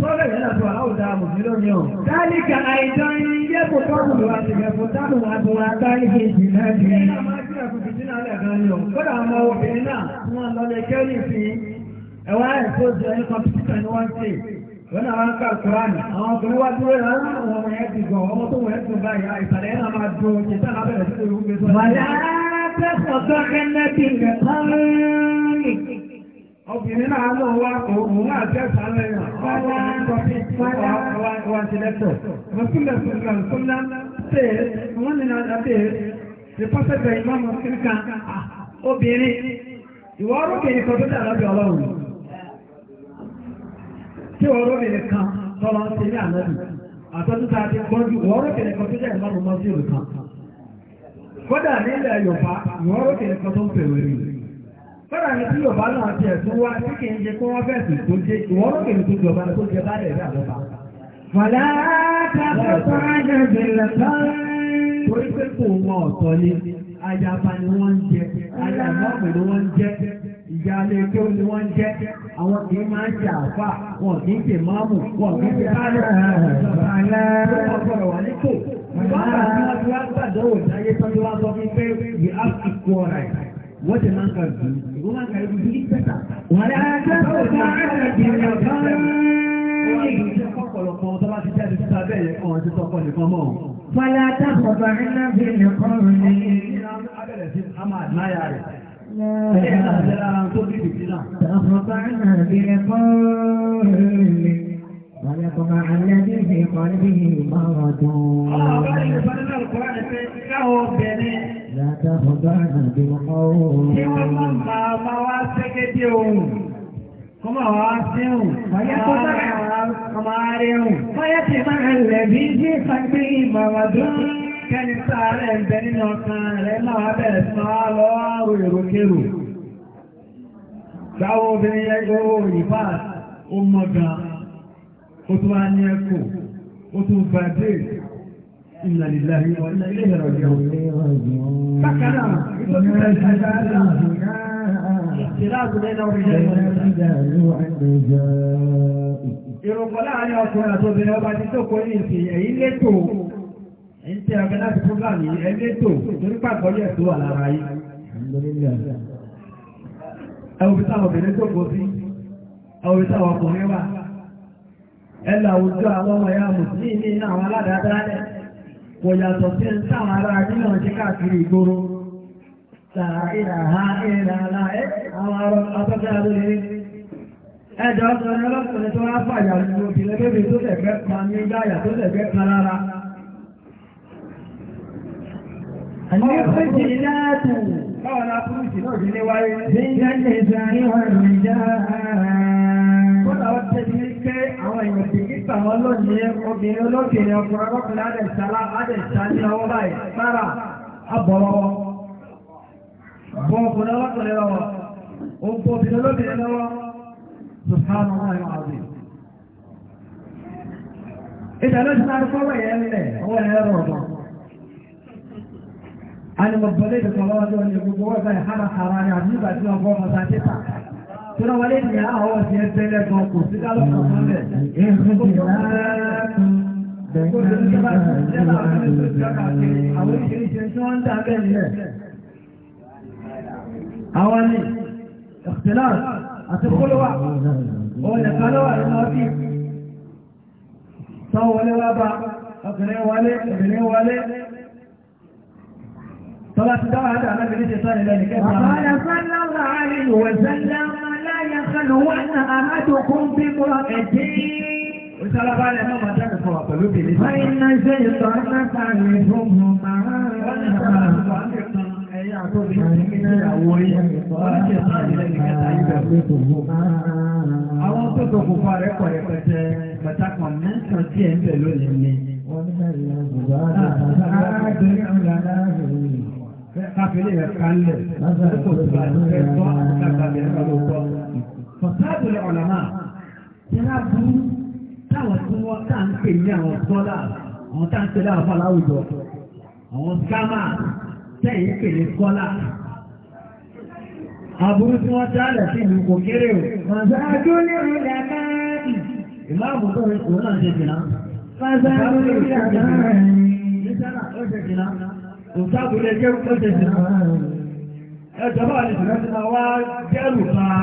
Sọ́dọ̀ yẹn lọ́dọ̀ àwùjọ àmùsí lónìí o. Dálíkà àìjọ yín yé kò tọ́kù lọ àti ìrẹ̀fọ́ tábù àbò àgbáyé ìjì náà di. Ẹ̀yìn náà máa ń kí ẹ̀kùn fìdí náà lẹ̀ gan ni o. Kódà àwọn obìnrin náà tí wọ́n lọ lè kẹ́ ní fi ẹ̀wọ̀n àìsó jẹ ní kọ̀mpútà ni wọ́n ṣe. Wọ́n náà wọ́n ká Kúránì. Àwọn ọkùnrin wá dúró rẹ̀ láwọn ọmọ yẹn ti gàn. Ọmọ tó wọ̀nyẹ́ tún báyìí, ìsàlẹ̀ yẹn náà máa dùn òkè tá lábẹ́rẹ̀ sí ìwúgbé sọ́dọ̀. Wàlá tẹ́sán tó kẹ́ obìnrin náà náà wá òun náà tẹ́sà lẹ́yìn ọwọ́ kọfí wá sí lẹ́tọ̀ mọ̀sílẹ̀ sọ̀rọ̀ sọ́lá tẹ̀ wọ́n ní náà tẹ̀ ìpọ́sẹ̀bẹ̀ ìmọ̀mọ̀ kíríkà obìnrin ìwọ orókè ní kọfí dà lọ́bì ọlọ́run tí wọ́n orókè ní kan tọ́lọ́ ń ṣe ní ànábì àtọ́jú tá a ti gbọ́n ju ìwọ orókè ní kọfí dà ìmọ̀mọ̀ sí ìlú kan kódà nílẹ̀ Yorùbá ìwọ orókè ní kan tó ń pè wẹ́rẹ́ Fọ́nà ni tí Yorùbá náà ti ẹ̀sùn wá tí kì í ṣe kí wọ́n fẹ̀sì tó jẹ ìwọ́n lókè ní tó jọba tó jẹ bálẹ̀ ní àjọba. Fọlá kápẹ́tọ́ àjẹjẹ lẹ́tọ́. Torí pé kò wọn ọ̀tọ̀ ni, ajaba wọ́n ń ni wọ́n ń ni wọ́n ń jẹ, àwọn kì í máa ń ṣe àfà, wata man ka bi goma ka yi bi tata wala ta ko ta ala bi kan ọ̀pọ̀lọpọ̀ tó bá ti jáde síta bẹ́ẹ̀ yẹ kan ti tọ́kọ nìkan mọ́. Fọlá tábọ̀ iná bí nìkan rẹ̀ ní. Abẹ́rẹ̀ sí Amad Náyà rẹ̀. Ẹ̀yẹ́ náà jẹ́ tó bí bìbí náà. Tàbọ̀ iná bí nìkan rẹ̀ ولكم الذي في قلبه مرض لا تخضعن بالقول Kọmọ àwọn aṣẹ́hùn, ọmọ arẹ́hùn, fọ́yẹ́ ti máa ń lẹ̀bí jí fàgbé ìmọ̀wàdún kẹ́ni sáàrẹ̀ ń bẹ nínú ọkàn rẹ̀ máa bẹ̀rẹ̀ sí máa lọ́wọ́ èròkèrò. Gbáwọ́ obìnrin yẹ́ gbówó ìfà ó mọ́ gan-an ó tún wá ní ẹ̀kọ́ ó tún bàdé inna lillahi wa inna ilayhi raji'un. bákan náà nítorí pé ṣáájú àlá ìṣèláàbù lẹ́nà orílẹ̀-èdè ìrùkọ̀ láàrin ọkùnrin àtòbìnrin tó torí pàgọ́lì ẹ̀ wà lára yìí. ẹ wò tó kó sí ẹ ọkùnrin wà ẹlà òjò àwọn ya mùsùlùmí ní àwọn aládàádálẹ̀ kò yàtọ̀ sí ń sáwọn ará nínú ọjọ́ káàkiri ìgboro sàárà ha ìrànlá ẹ àwọn arọ afẹ́fẹ́ alóyèrè ẹjọ́ ọkùnrin ọlọ́kùnrin tó wá fàyà lóko ìpìlẹ̀ bébè tó tẹ̀gbẹ́ pa ní gbáyà tó tẹ̀gbẹ́ pa lára المخجلات من النساء والرجال pé àwọn èèyàn ti kí sàwọn lónìí obìnrin olókèrè ọkùnrin ọlọ́kùnrin adẹ̀sálá adẹ̀sá ní ọwọ́ báyìí sára abọ̀lọ́wọ́ bọ́ ọkùnrin ọlọ́kùnrin lọ́wọ́ ogbó obìnrin olókèrè lọ́wọ́ sùpánù náà yọ àwìn. ìdáná ti sáré fọ́wọ́ yẹn lẹ̀ ọwọ́ yẹn rọ̀ ọ̀dọ́. a ní mo bọ́lé ìdòkọ̀ lọ́wọ́ tó ní gbogbo wọ́n Tọ́lá wọlé ní àwọn ọ̀sẹ̀ ẹgbẹ́lẹ́ gan kò sí dálọ́pọ̀ mọ́lẹ̀. Àwọn ni, ìpìlá àti kólówà, ọ̀lẹ̀ kálọ́wà ìmọ̀ sí. Tọ́ wọlé wá bá, ọkùnrin wọlé, obìnrin wọlé, tọ́lá ti dáwà àti àlábìnrin ṣe sọ́rẹ̀ lẹ́nìkẹ́ yasluwa ahadukum bi muraqatin Ìsọ́lábálẹ̀ mọ́ máa dákẹ̀ fún ọ̀pẹ̀lú àwọn tó tó tó rẹ̀ pọ̀ rẹpẹtẹ, bàtà kan mẹ́sàn-án tí ẹ̀ ń bẹ̀ lónìí ni. Wọ́n ní ẹ̀yà ìgbà tó tó fún máa rán fọ̀sáàbù rẹ̀ ọ̀làmà tí wọ́n burú táwọn tí wọ́n tá ń pè ní àwọn sọ́lá àwọn tá ń pè láwọn fọláwùjọ àwọn sámà tẹ̀yìn pè ní sọ́lá. Àbúrú tí wọ́n dálẹ̀ sí ìlú kò kéré o. Màzáàdú ní ìrìnlẹ̀ káàkì. Ìmáàmù tó ń sòrò náà ṣe jìnnà. Màzáàdú ní ìrìnlẹ̀ káàkì. Ìjọba ó ó ṣe jìnnà. Ẹjọba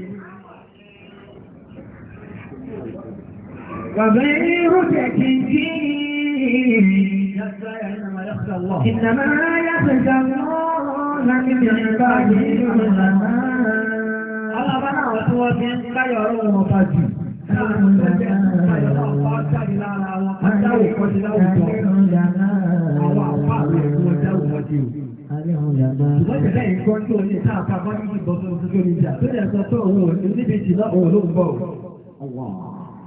وغير تكفير إنما يخشى الله من عباده العلماء Ọlọ́bá náà tí wọ́n fi ń káyọ̀ ọ̀rọ̀ wọn bá jù. Láàrín ọjọ́ ìpàdé ọ̀pá jáde lára wọn, ọjọ́ ìkọ́jú láwùjọ. Àwọn àpá rẹ̀ ló dáwọ̀ wọ́n ti ò. Ṣùgbọ́n ìbẹ̀ ìkọ́ tí ó ní káàkiri bọ́ sọ́dún tó ní ìjà. Tó dẹ̀ sọ pé òun ò ní níbi ìjìlá òun ló ń bọ̀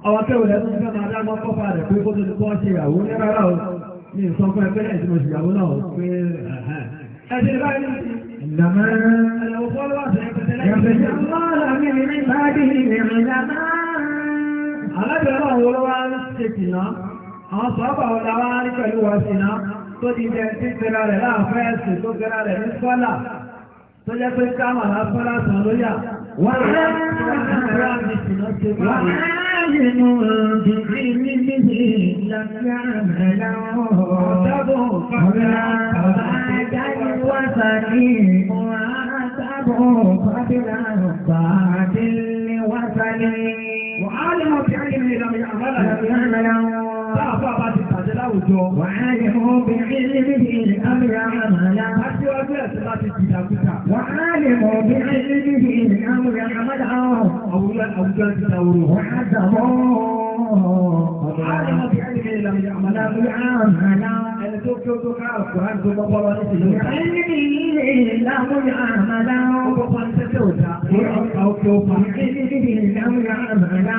ọwọ́ kẹwò lẹ́nu fẹ́ máa dágbọ́ kọ́fà rẹ̀ pé kó tó ti kọ́ ṣe ìyàwó ní rárá o ní nǹkan fún ẹgbẹ́ ẹ̀sìn oṣù ìyàwó náà o pé ẹ̀sìn báyìí ní ìlànà ẹ̀lẹ́wọ̀ fọ́lọ́wọ́sì ẹ̀pẹ̀tẹ̀lẹ́ Tó ti jẹ́ tí tẹ́ra rẹ̀ láàfẹ́ ẹ̀sìn tó tẹ́ra rẹ̀ ní sọ́là tó jẹ́ pé káwọn lásán lásán ló yà wọ́n rẹ̀ wọ́n Ìnú ìdíkí níbi ìlànà ẹ̀lọ́wọ́ ọ̀tọ́bọ̀ fọ́lá ọ̀bá ẹ̀dá ìwọ́sà ní ìmọ̀ àtàbọ̀ fọ́bílà ọ̀bá àdínlẹ̀ wọ́sà ní. Wọ́n á lè mọ̀ bí á ní ìlànà ìlànà ìlànà Táàbà bá ti bàjẹ́ láwùjọ. Wà á lè mú obìnrin níbi ìrìn àmìlà àmàlà. Aṣíwájú ẹ̀sìn láti dìdàkúta. Wà á lè mú obìnrin níbi ìrìn àmìlà àmàlà. Àwùjọ ti dàwòrò. Wà á dàbọ̀. Wà á lè mú obìnrin níbi ìrìn àmàlà. Ẹni tó kí ó tó ká àkùrán tó bọ́ bọ́lá ní ìlú. Wà á lè mú ìrìn àmàlà. Ó bọ́ bọ́lá ní tẹ́tẹ́ òjá. Ó kí ó pa. Ìrìn àmàlà.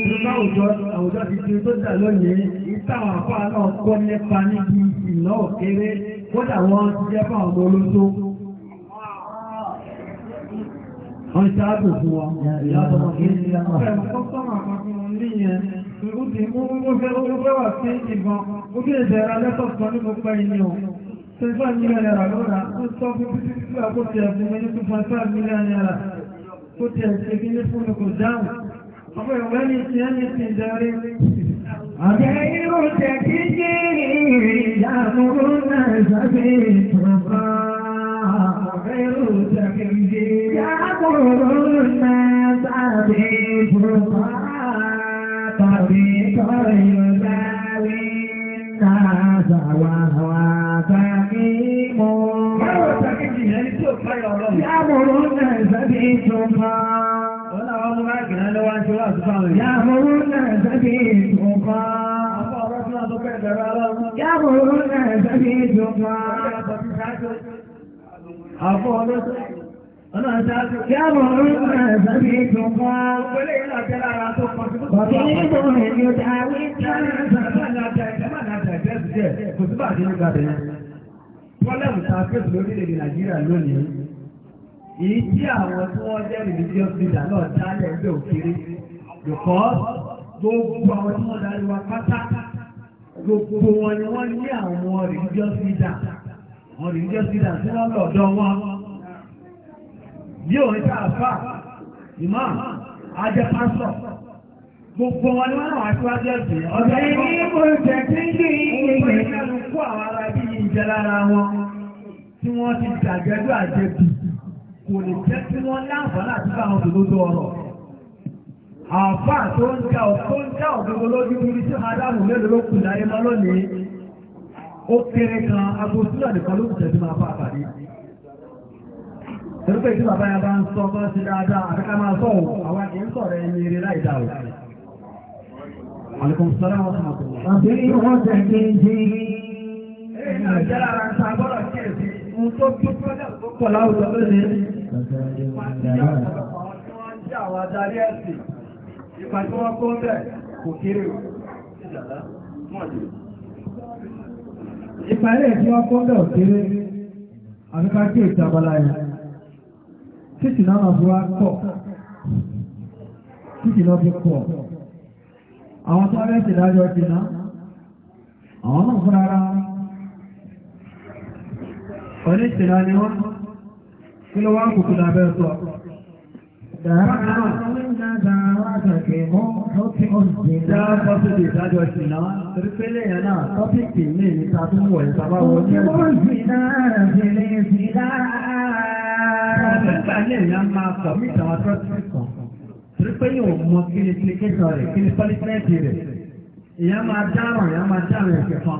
àwùjọ àwùjọ ti di tó dà lónìí ìtàwọn àpá náà kọ́ nípa níbi ìná òkèrè kódà wọ́n ti jẹ́ fún àwọn olóso wọ́n ti ṣáàbò fún wọn ìyàtọ̀ Tẹ̀fà ní ẹ̀rẹ̀ àlọ́ra, ó sọ fún títí tí àkókò ẹ̀fún ẹni tó fún 5 mílíọ̀nù ẹ̀rà, ó tẹ̀ ní fún ọkọ̀ dáhùn. Àjẹ́rò tẹ̀kí jẹ́ ìyàmúrú náà sábẹ́ ìtànfà. Àjẹ́rò tẹ̀kí jẹ́ ìyàmúrú náà sábẹ́ ìtànfà. Tàbí kọ́ ìrọ̀láwí náà sàwàwà tàbí mọ́. Àjẹ́rò tẹ̀kí jẹ́ ìyàmúrú náà sábẹ́ ìtànfà. Yàmùrún náà sábì ìjọba. Yàmùrún náà sábì ìjọba. Àfọ́ ọlọ́sọ́. Yàmùrún náà sábì ìjọba. Pẹ̀lẹ́ ìlú àti ara tó pọ̀ sí. Bọ̀dé nínú ẹ̀yọ́ dáwí dáná sábà láti ẹ̀jẹ̀ máa láti ẹ̀jẹ̀ sí jẹ́. Kò sí bàjẹ́ nígbà bẹ̀rẹ̀. Pọ́lẹ́mù ta fẹ́sì lórílẹ̀-èdè Nàìjíríà lónìí. Èyí tí àwọn tí wọ́n jẹ́ religious leader náà dálẹ̀ ẹgbẹ́ òkèrè. Because gbogbo àwọn tí wọ́n darí wa pátá, gbogbo wọn ni wọ́n ní àwọn religious leader. Àwọn religious leader tí wọ́n lọ̀dọ̀ wọn. Bí òun ta àfà, imam, ajẹ́ pásọ̀, Gbogbo wọn ni wọ́n wà síwájú ẹ̀sìn. Ọ̀sẹ̀ ní kò jẹ́ tí ń gbé ìgbé ìgbé ìgbé ìgbé ìgbé ìgbé ìgbé ìgbé ìgbé ìgbé ìgbé ìgbé ìgbé kò lè jẹ́ kí wọ́n láàbọ̀ láti bá àwọn òdòdó ọ̀rọ̀. Àfà tó ń já tó lójú bí tí Ádámù mélòó kù láyé lọ lónìí. Ó kéré kan aago nìkan ló kù tẹ̀sí máa bá àpàdé. Torí tí bàbá ya bá ń sọ bá sí dáadáa àti máa sọ o. Àlùkò sọ́dọ̀ wọn sọ̀rọ̀ tó. Àbí wọ́n tẹ̀ kí n jí. Ẹ̀yìn náà jẹ́ lára ń ta gbọ́dọ̀ kí èsì. Mo tó tó pọ́lá Ìpàlẹ̀ tí wọ́n kọ́ bẹ̀ òkèrè àríká kí èsì abala ẹ̀. Títì náà máa búra pọ̀, títì náà fi pọ̀. Àwọn tó rẹ̀ sì dájọ́ ti náà, àwọn náà fún ara wọn. Oníṣìná ni wọ́n kí ló wá ń kùkù lábẹ́ sọ. Ìdájọ́ ìsìnà torí pé lẹ́yìn náà tọ́pìkì ní ìta tó wọ̀ ìsàbá wọ́n ní ọjọ́ ìsìnà ìrìnlẹ̀ ìsìnà. Ìgbà ní èèyàn máa sọ mí ìtàwọn tọ́pìkì kan. Torí pé yóò mọ kí Ìyá máa dáràn, ìyá máa dáràn ẹ̀kẹ́ kan.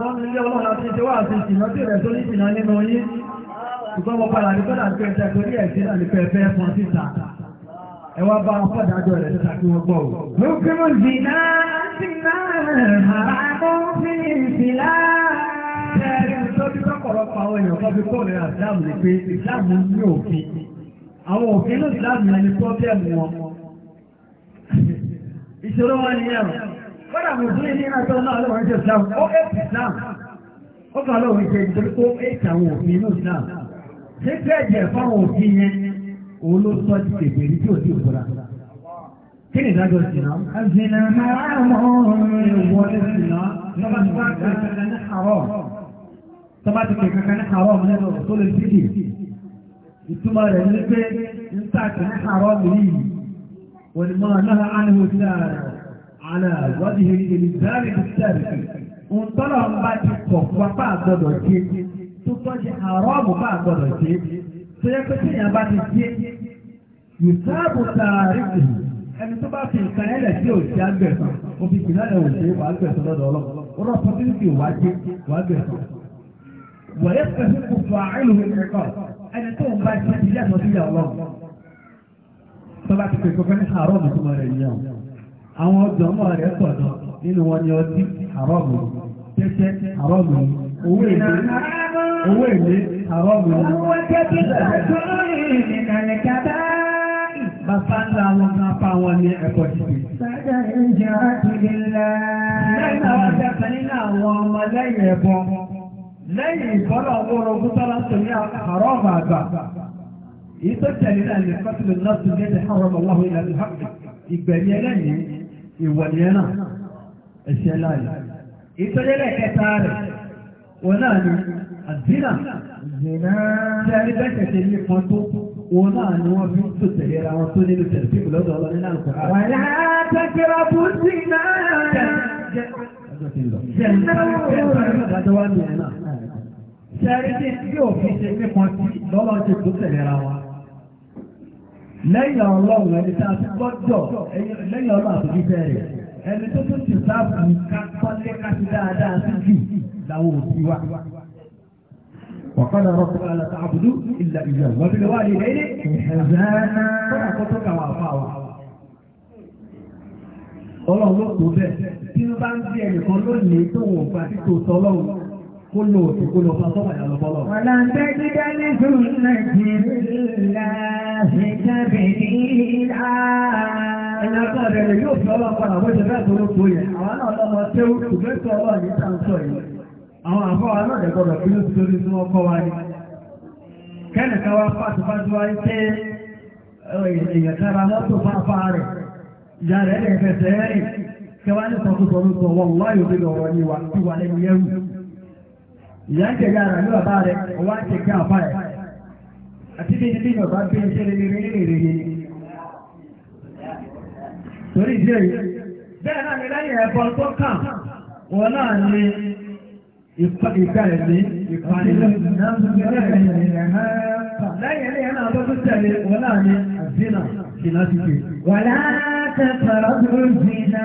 wọ́n ní ilé ọlọ́run àti ìṣẹ́wà àti ìṣìnà tí rẹ̀ tó ní ìṣìnà nínú yí ṣùgbọ́n wọ́n padà nípa náà pẹ́ ẹ̀jẹ̀ torí ẹ̀sìn náà nípa ẹ̀fẹ́ fún síta ẹ wá bá wọn ìṣòro wọn ni ẹ̀rọ kọ́dà mi ní ní ìrìnàjò náà lọ́wọ́ ìjọ islam ó èpì islam ó kà lọ́wọ́ ìjẹ ìtorí kó èpì àwọn òfin inú islam ṣé tí ẹ̀jẹ̀ fáwọn òfin yẹn òun ló sọ ti tètè rí tí ò sí òfura kí ni ìdájọ́ ìtumọ̀ rẹ̀ ní pé ń tàkì ní àárọ̀ mi yìí náà á ní ààrẹ. Àlà àwọ́dí ìrìnlẹ̀ ìdárí ìdárí. Òun tọ́lọ̀ ń bá ti kọ̀ wá bá àgbọ̀dọ̀ ṣe. Tó tọ́ ṣe àrọ́ọ̀mù bá àgbọ̀dọ̀ ṣe. Tó yẹ pé tíyàn bá ti ṣe. Yùtáàbù tààrí kù. Ẹni tó bá fi nǹkan ẹlẹ̀ tí ò ṣe àgbẹ̀sán. Òfin ìpìlẹ̀ ò ṣe wàá gbẹ̀sán lọ́dọ̀ ọlọ́run. Ó rọ̀ pọ́tíríkì wàá ṣe wàá gbẹ̀sán. pẹ̀lú kò fà ẹ̀kọ́. Ẹni tó ń bá ṣe ìdílé àtọ́jú ìyá ọlọ́run. Tọ́lá ti pè kọ́kọ́ ní àárọ̀ mọ̀túnmọ̀ rẹ̀ yẹn o àwọn ọjọ́mọ̀ rẹ̀ tọ̀dọ̀ nínú wọn ni ọtí àrọ́bù tẹ́tẹ́ àrọ́bù owó èlé owó èlé àrọ́bù Bàbá ńlá wọn máa pa wọn ní ẹ̀kọ́ ìpè. Sájà ìjà àtúndì ńlá. Lẹ́yìn àwọn akẹ́kọ̀ọ́ nínú àwọn ọmọ lẹ́yìn ẹ̀bọn. Lẹ́yìn ìfọ́lọ̀ ọgbọ́rọ̀ ogún tọ́lá tó ní àrọ́ ọ̀bà àgbà. Ìtọ́jà nílẹ̀ ní Fásitì Nọ́ọ̀tì ní ẹ̀dẹ̀ àwọn ọmọ ọlọ́run ìlànà ìgbẹ̀mí ẹlẹ́yìn ìwọ̀lẹ́ náà ẹ̀ṣẹ̀ láàyè. ìtọ́jẹ́lẹ̀ kẹta rẹ̀ wọn náà ni àdínà ìgbìnà tí a rí bẹ́ẹ̀ tẹ̀lé ní kan tó wọn náà ni wọ́n fi ń tò tẹ̀lé ra wọn tó nínú tẹ̀lé tí kò lọ́dọ̀ ọlọ́rin tí yóò fi ṣe nípa tí lọ́lọ́ ti tó tẹ̀lé ra wa lẹ́yìn ọlọ́run ẹni tá a ti gbọ́dọ̀ lẹ́yìn ọlọ́run àtòjíṣẹ́ rẹ̀ ẹni tó tún ti sáàbù ká kọ́lé dáadáa sí jù láwọn òbí wa. وقال ربنا لا تعبدوا إلا إياه وبالوالدين إحسانا فلا كتب وعفاوا Ọlọ́run ló tó bẹ́ẹ̀ tí ó bá ń bí ẹnìkan lónìí tó wọ̀n gbà títò tọ́lọ́run kó lò ó kó lọ bá sọ́wọ́ ìyàlọ́ bọ́lọ̀. Ọ̀la ń bẹ́ dídá lẹ́sùn Nàìjíríà ṣe jáde ní ìlà. Ẹ̀yà bá rẹ̀ lè yóò fi ọlọ́ padà bó ṣe fẹ́ tó ló tó yẹ. Àwọn náà lọ́mọ tí ó ṣùgbẹ́ sọ ọlọ́ yìí tá ń sọ yìí. Àwọn àbọ̀wá náà lè gbọdọ̀ bí ó ti lórí tí wọ́n kọ́ wa ni. Kẹ́nì ká wá pàtùpàtù wáyé pé èèyàn kára mọ́tò fáfá rẹ̀. Ìyá rẹ̀ lè fẹsẹ̀ rìn. Kẹwàá ní sọkúsọ ló sọ wọ́n láyò bí lọ́wọ́ ni wà lẹ́nu yẹ́rù ìyá ń jẹ̀yà rẹ̀ ní bàbá rẹ̀ ọwọ́ á jẹ̀kẹ́ àbá ẹ̀ àti bí ibi bàbá bí iṣẹ́ rere rere rere torí ìdí èyí bẹ́ẹ̀ náà ni lẹ́yìn ẹ̀bọ tó kàn wọn náà ni ìka ẹ̀mí ìpàdé lẹ́yìn ilé náà tó tún tẹ̀lé wọn náà ni àzínà ìlàsìkè. wàlá tẹ̀sán lọ́dún ìzìnà.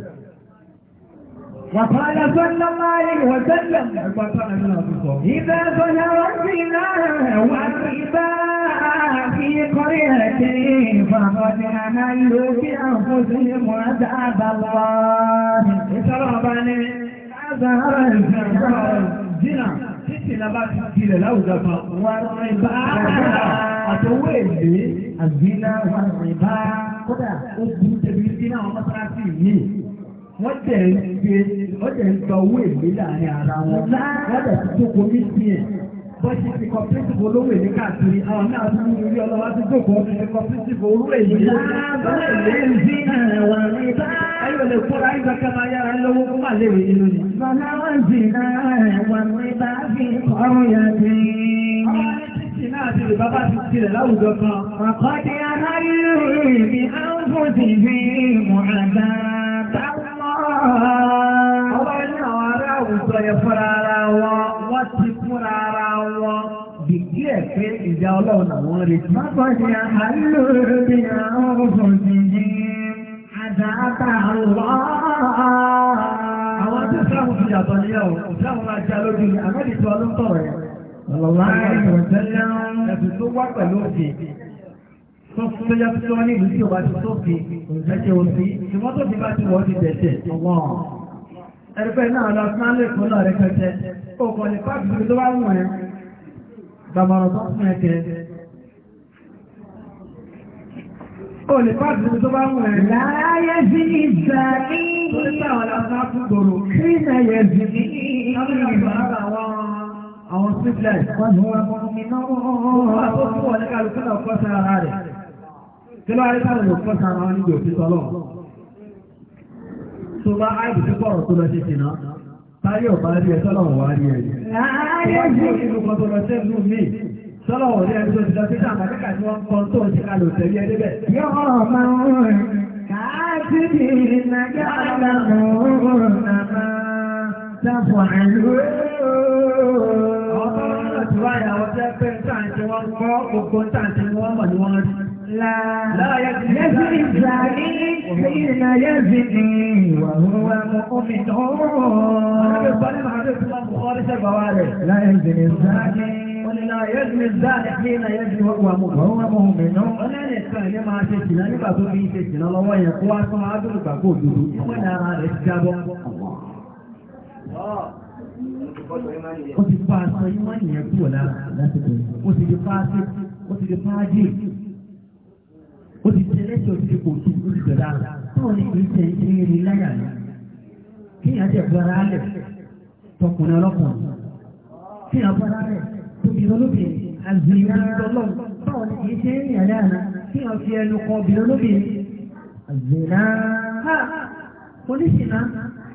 وقال صلى الله عليه وسلم إذا صلى وقتنا وقتنا في قريتين فقد عملوا في أنفسهم وعذاب الله ترى بني عذاب الجنة ولكن يجب ان يكون هناك افضل من اجل ان يكون هناك افضل من اجل ان wọ́n tẹ̀ ń gbé wọ́n tẹ̀ ń gba owó èlé láàrin ara wọn wọ́n tẹ̀ ti jókòó ní tiẹ̀ bọ́n ti fi kọ́pítìfò olówó èlé káàkiri àwọn náà tún ní orí ọlọ́wà ti jókòó ní kọ́pítìfò olówó èlé láàbọ̀lẹ̀ ń fi ẹ̀wà rí ayọ̀ lè kóra ìgbà kama yára lówó kó má léèrè nínú ni. bọ́lá wọn sì náà bá fi ọrùn fi mọ̀ àgbà. Ọba ní àwọn ará àwùjọ yẹ fúnra ara wọn, wọ́n ti fúnra ara wọn. Dìgí ẹ̀ pé ìjà ọlọ́run làwọn retí. Má kọ́ sí àlọ́ bí àwọn ọ̀sán ti yí. Àdáàbà lọ́. Àwọn tí Ìsìlámù fi yàtọ̀ níyàwó, Ìsìlámù máa já lójú ni, àmọ́ ìdìtọ̀ ló ń tọ̀rọ̀ yẹn. Ọ̀lọ́lá ẹ̀sùn tó wá pẹ̀lú òfin tó tó yá tó wá ní ìlú tí ó bá ti sófin ẹ̀jẹ̀ òsì ṣùgbọ́n tó ti bá ti wọ́n ti dẹ̀ṣẹ̀ ọ̀wọ́n ẹ̀rẹ́fẹ́ náà lọ sí máa ń lè kó lọ rẹ̀ kẹtẹ ó kọ̀ ní páàkì tó bá wù ẹ́ gbàmọ̀rọ̀ tó fún ẹ kẹ ó lè páàkì tó bá wù ẹ́ láyé sí ìgbà ní ìgbà kírísà yẹ sí ní ìgbà àwọn sílẹ̀ wọ́n ni wọ́n mọ́ mi náà wọ́n tó wọ́n ní kàlùkù náà kọ́ sí ara rẹ̀ Tẹ́lọ́ àríkàlẹ̀ mọ̀ fún sára wọn níbi òfin tọ́lọ̀. Tó bá áìdì tó kọ̀rọ̀ tó lọ ṣe ṣìnà, táyé ọ̀bá rí ẹ tọ́lọ̀ wà rí ẹ. Láàárín ìlú kan tó lọ ṣe ìlú mi, tọ́lọ̀ wọ̀ rí ẹni tó ti ti wá ìyàwó tẹ́ pé tàǹtí wọ́n kọ́ gbogbo tàǹtí wọ́n mọ̀ ní wọ́n rí. Yẹ́sì ìjà ní ìrìnà yẹ́sì ní ìwàwọ́wà mọ́kúnmí tó rọ̀. Ọ̀rẹ́ bọ́lá máa ń bẹ̀rẹ̀ fún ọmọ ọ̀rẹ́ sẹ́gbà wa rẹ̀. Láyé ìjìnlẹ̀ ìzáàdì. Onílà yẹ́sì ìzáàdì kí ní yẹ́sì wọ́wà mọ́kúnmí náà. Ọlẹ́ni kan ní máa ṣe jìnà nígbà tó fi ṣe jìnà lọ́wọ́ yẹn kó wá sọ́mọ́ adúlùgbà kó ó ti fa aṣọ ìmọ̀ nìyẹn kúrò lára ó ti di fáájì ó ti di fáájì ó ti di ẹlẹ́sìn ó ti di kò ó ti dọ̀la báwo ni kìí ṣe ṣe ń rí láyà ni kíyàn jẹ́ gbọ́ra alẹ̀ tọkùnrin ọlọ́kùnrin kíyàn gbọ́ra alẹ̀ tóbi lọ́lọ́bìnrin àgbìyàn lọ́lọ́ báwo ni kìí ṣe ń rí àlẹ́ àná kíyàn fi ẹnu kan obìnrin lọ́lọ́bìnrin àgbìyàn ha oníṣìnà.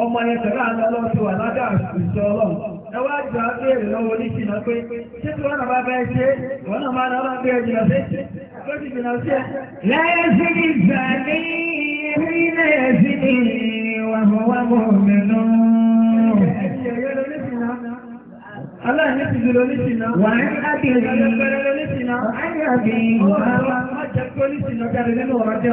ọmọ ẹ̀ṣẹ̀ láàrín ọlọ́run ti wà lábẹ́ àṣìṣẹ́ ọlọ́run ẹwà jù á bèèrè lọ́wọ́ oníṣìnà pé ṣé tí wọ́n náà bá bẹ́ẹ̀ ṣe wọ́n náà máa náà bẹ́ẹ̀ jìnà sí ló ti jìnà sí ẹ̀. lẹ́yìn sí ni ìgbàní ìrìnà ẹ̀sìn ni wàhùwàhù mẹ́nu. aláìní ti dúró níṣìnà. wàá ní àbíyí. ọjọ́ níṣìnà. ayé àbíyí. ọ̀rọ̀ àwọn ọmọ jẹ́ pé níṣìnà jáde nínú ọ̀rọ̀ jẹ́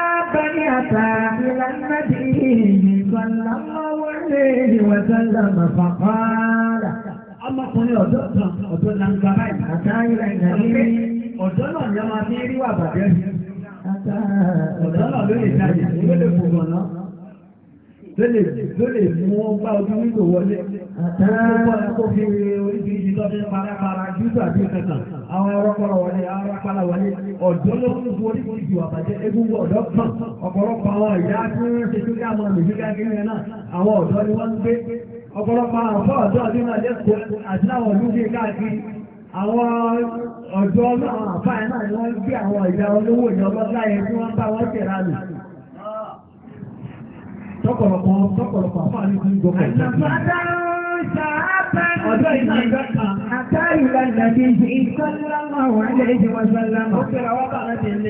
بني إلى النبي صلى الله عليه وسلم فقال أما قولي أدوكم أدونا نقبعي أتى إلى النبي أدونا لما فيه وابدأ أتى أدونا لما فيه وابدأ ló lè mú bá ojú wíńdò wọlé tó fi oríṣiríṣi tó fi parapara júùsù àti ìkẹta àwọn ọ̀rọ̀pọ̀lọ̀ wọlé arápálá wọlé ọ̀dọ́ ló ń fún oríṣiríṣi wà bàjẹ́ egungun ọ̀dọ́ kan ọ̀pọ̀lọpọ̀ àwọn ìyá tó ń ṣe tó dáàmú àmì ìgbéga kékeré náà àwọn ọ̀dọ́ ni wọ́n ń gbé ọ̀pọ̀lọpọ̀ àwọn ọ̀dọ́ àti ìrìnàjò àti láwọn ọdún bíi káàkiri àwọn ọ̀dọ́ náà àfáà náà ni wọ́n gbé àwọn ìyá olówó ìyá ọlọ́láyẹ tí wọ́n bá wọ́n tẹ̀ra lù tọ́pọ̀lọpọ̀ tọ́pọ̀lọpọ̀ àfáàní ti ń gbọ́kọ̀ Ọjọ́ ìlànà kan. Àtàrí ìlànà bí i ìsọ́lámà wà lẹ́yìn wàsálàmà. Ó kẹ́ra wá bá àti ilé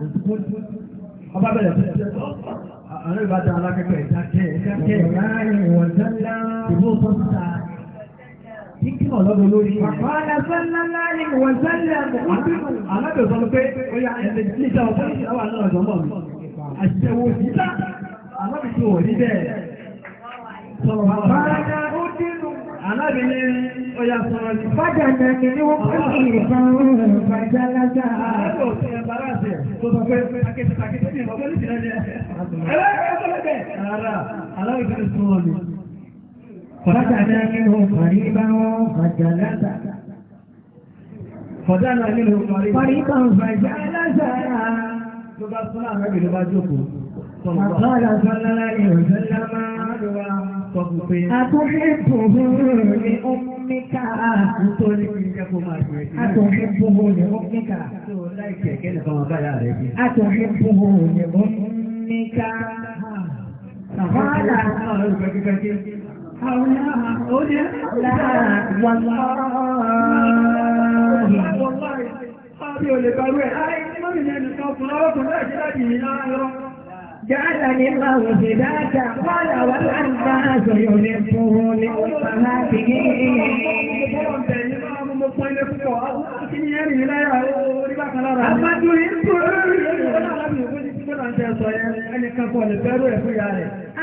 òdúkó ọba bẹ̀rẹ̀ fún ṣe tó ààrẹ ìbá dá alákẹ́kẹ́ ìdákẹ́ ìdákẹ́ ìráyìn wọ̀dánlá ìlú ọ̀tọ̀ síta kíkí náà lọ́dọ̀ lórí rẹ̀. Àpáàlà sọ́lá láàrin wọ̀dánlá alábẹ̀ sọ pé ó yá ẹ̀mẹ̀ tí ìjà ọ̀pọ̀ ìṣẹ́wà náà jọmọ̀ mi. Àṣẹwò síta alábẹ̀ tí ò rí bẹ́ẹ̀. Sọ̀rọ̀ bá wà. Ànábì ní ọya sọ̀rọ̀ ní. Fájà náà ni ní wọ́n kọ́ ìrìnkan oòrùn fàjà lájà. Àlọ́ òṣè ẹ̀bára àṣẹ tó sọ pé akéṣe akéṣe ní ìmọ̀ pẹ́lú ìṣẹ̀lẹ̀ ni ẹ̀. Ẹ̀rẹ́ ẹ̀kọ́lẹ́bẹ̀. Rárá, aláwọ̀ ìṣẹ̀lẹ̀ sọ wọn ni. Fájà náà ni wọ́n kọ́ ìrìnkan oòrùn fàjà lájà. Fọ̀dá náà nínú Fọ̀ríkà ìfàjá aláṣàrà. Tó bá sọ́nà àmẹ́bìnrin bá jókòó. Àtọ́lá sọ́nà ìrọ̀sẹ́lá máa ń wá sọ fún pé. Àtúnṣe bòbò ni ó mú mí ká. Nítorí kí n jẹ́ kó máa ṣe ẹ̀jẹ̀. Àtúnṣe bòbò ni ó mú mí ká. Tó láì kẹ̀kẹ́ nìkan máa báyà rẹ̀ bí. Àtúnṣe bòbò ni ó mú mí ká. Wàhálà. Àwọn ará òde lára wà láàárín. Wọ́n láì, wọ́n bí olè bá rẹ̀. Àìsí mọ́rin ẹnìkan fún ọkùnrin láti láti yìí náà lọ. ndị ya, ada a ga-aaaada jọọ ụụle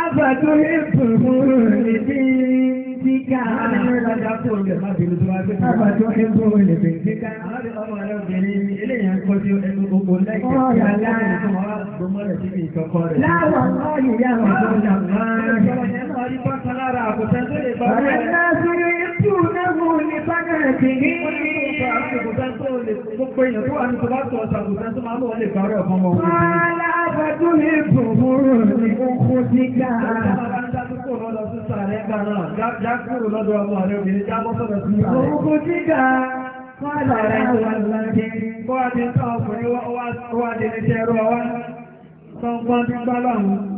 aụe heaye pụrrụ e bíkà. Àwọn ẹni rẹ̀ lájà tó ń bẹ̀ má bínú tó wá gbé. Àbájọ ẹgbẹ́ òun lè bẹ̀ bíkà. Àwọn ọmọ rẹ̀ obìnrin eléyà ń kọjú ẹnu gbogbo lẹ́yìn. Ọ̀rọ̀ láàrín tó wá gbọmọ rẹ̀ síbi ìkọ̀kọ̀ rẹ̀. Láwọn ọmọ yìí yà wọ́n tó ń jà wọ́n. Àwọn ẹni náà sí يجونه لبناتهم قال أفتهبهم لأختك أختك قال لا والذي قد تغفر وأسود الجروح فقد ظلموا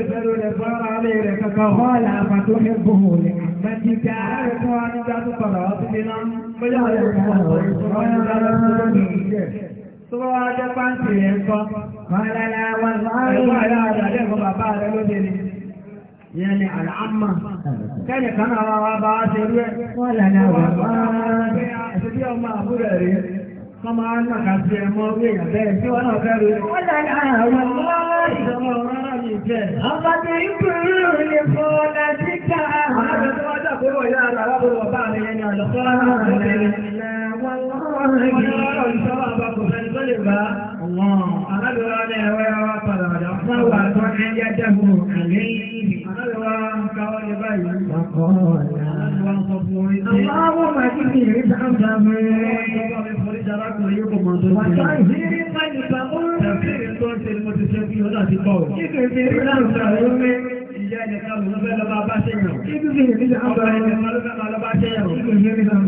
lè fẹ́rù rẹ̀ fún ara alẹ́ rẹ̀ kankan. Bọ́ọ̀lù àpàtó ní gbòòrò rẹ̀. Bàjíjà rẹ̀ fún wa nígbà tó padà wá sílé náà. Bóyá rẹ̀ fún wa tó bá wá jẹ́ pàǹtì rẹ̀ ń kọ́. Bọ́ọ̀lù àwọn ọmọ rẹ̀ fún bàbá rẹ̀ lóde ni. Ìyẹn ni àlàámà. Kẹ́yìn kan náà wá wá bá wá ṣe rú ẹ̀. Bọ́ọ̀lù àwọn ọmọ rẹ̀ wọ́n máa ń nàkà sí ẹmọ orí èèyàn bẹ́ẹ̀ tí wọ́n náà fẹ́ rí wọ́n lára àwọn ọmọ ọ̀rọ̀ yìí jẹ́. ọmọdé ìpínlẹ̀ òye fún ọ̀nà títà. àwọn ọmọdé tó wájà pé wọ́n yára alábòrò ọ̀bá mi ẹni ọ̀dọ̀ tó rárá ọ̀rẹ́ arákùnrin yóò mọ̀ tó ti rẹ̀. Àtàrírí pàdùpàmọ́. Tẹ̀sí ìrìn tó ń ṣe ni mo ti ṣe bí ọlá ti bọ̀. Kíkèé ìyá ẹnìkan ló fẹ́ lọ bá bá ṣèyàn. ibi fi ìdí àbá ẹnìkan ló fẹ́ lọ bá ṣèyàn. ibi fi ìdí àbá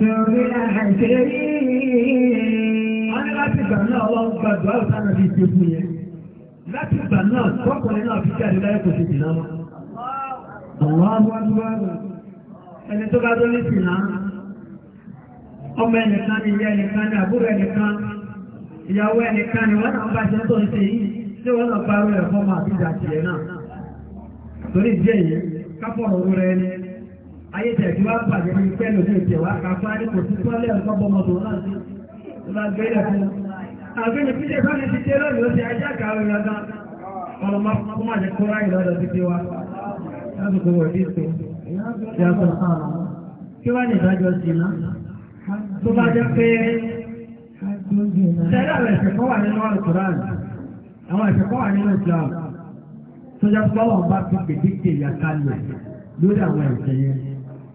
torí àìṣe rí. ihe ẹni tó bá tó ní ìsìnà ọmọ ẹnìkan ní ìyá ẹnìkan ní àbúrò ẹnìkan ìyàwó ẹnìkan ni wọ́n náà bá ṣe tó ń ṣe yìí tí wọ́n náà bá rú ẹ̀fọ́ máa náà. torí kápọ̀ ọ̀rọ̀ rẹ̀ ayé tẹ̀sí wá bàjẹ́ bí pẹ́ lòdì ìtẹ̀ wá kápá ní kò sí tọ́lẹ̀ ọ̀kọ́ bọmọdún náà sí ọlọ́gbẹ́lẹ̀ fún àgbẹ̀lẹ̀ pílẹ̀ sọ́ni ti tẹ́ lónìí ó ti ajá kàwé lọ́dá ọ̀rọ̀ máa fún máa jẹ́ kó ráyè lọ́dọ̀ ti tẹ́ wá láti kó wọ̀ bí ìpè ìyàtọ̀ kí wá ní ìdájọ́ sí iná tó bá jẹ́ pé tẹ́lẹ̀ àwọn ẹ̀ṣẹ̀ kọ́ wà nínú alukuran àwọn ẹ̀ṣẹ̀ kọ́ wà nínú Islam tó jẹ́ pé ọlọ́run bá fi gbèdéke ìyàkalẹ̀ lórí àwọn ẹ̀ṣẹ̀ yẹn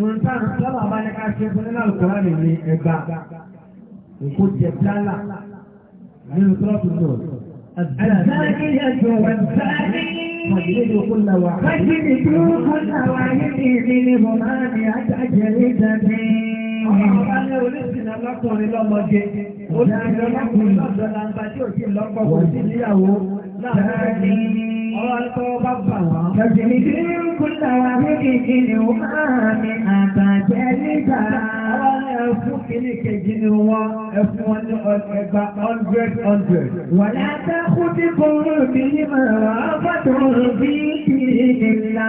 Wọ́n tán sábà bá ní ká ṣe fún nínú àlùkòrá mi ní ẹgbà. Nǹkó jẹ pílálà nínú tọ́lọ́pù náà. الزانية والزاني فاجلدوا كل واحد فاجلدوا كل واحد منهما مئة جلدة Ọlọ́kùnrin lọ́mọdé, ó ti lọ́kùnrin ọ̀rọ̀ tó bá bà wá. Kẹ̀sìmí tí ń kúnlẹ̀ wá ní kìkìrì máa ní àtàjẹ́ níta. Wọ́n ní ẹ̀fún kìíní kejì ni wọ́n ẹ̀fún wọn ní ẹgbà hundred hundred. Wọ́n ní atákú tí kò rú mi ní màwá fọ́tò bí kìíní nìlá.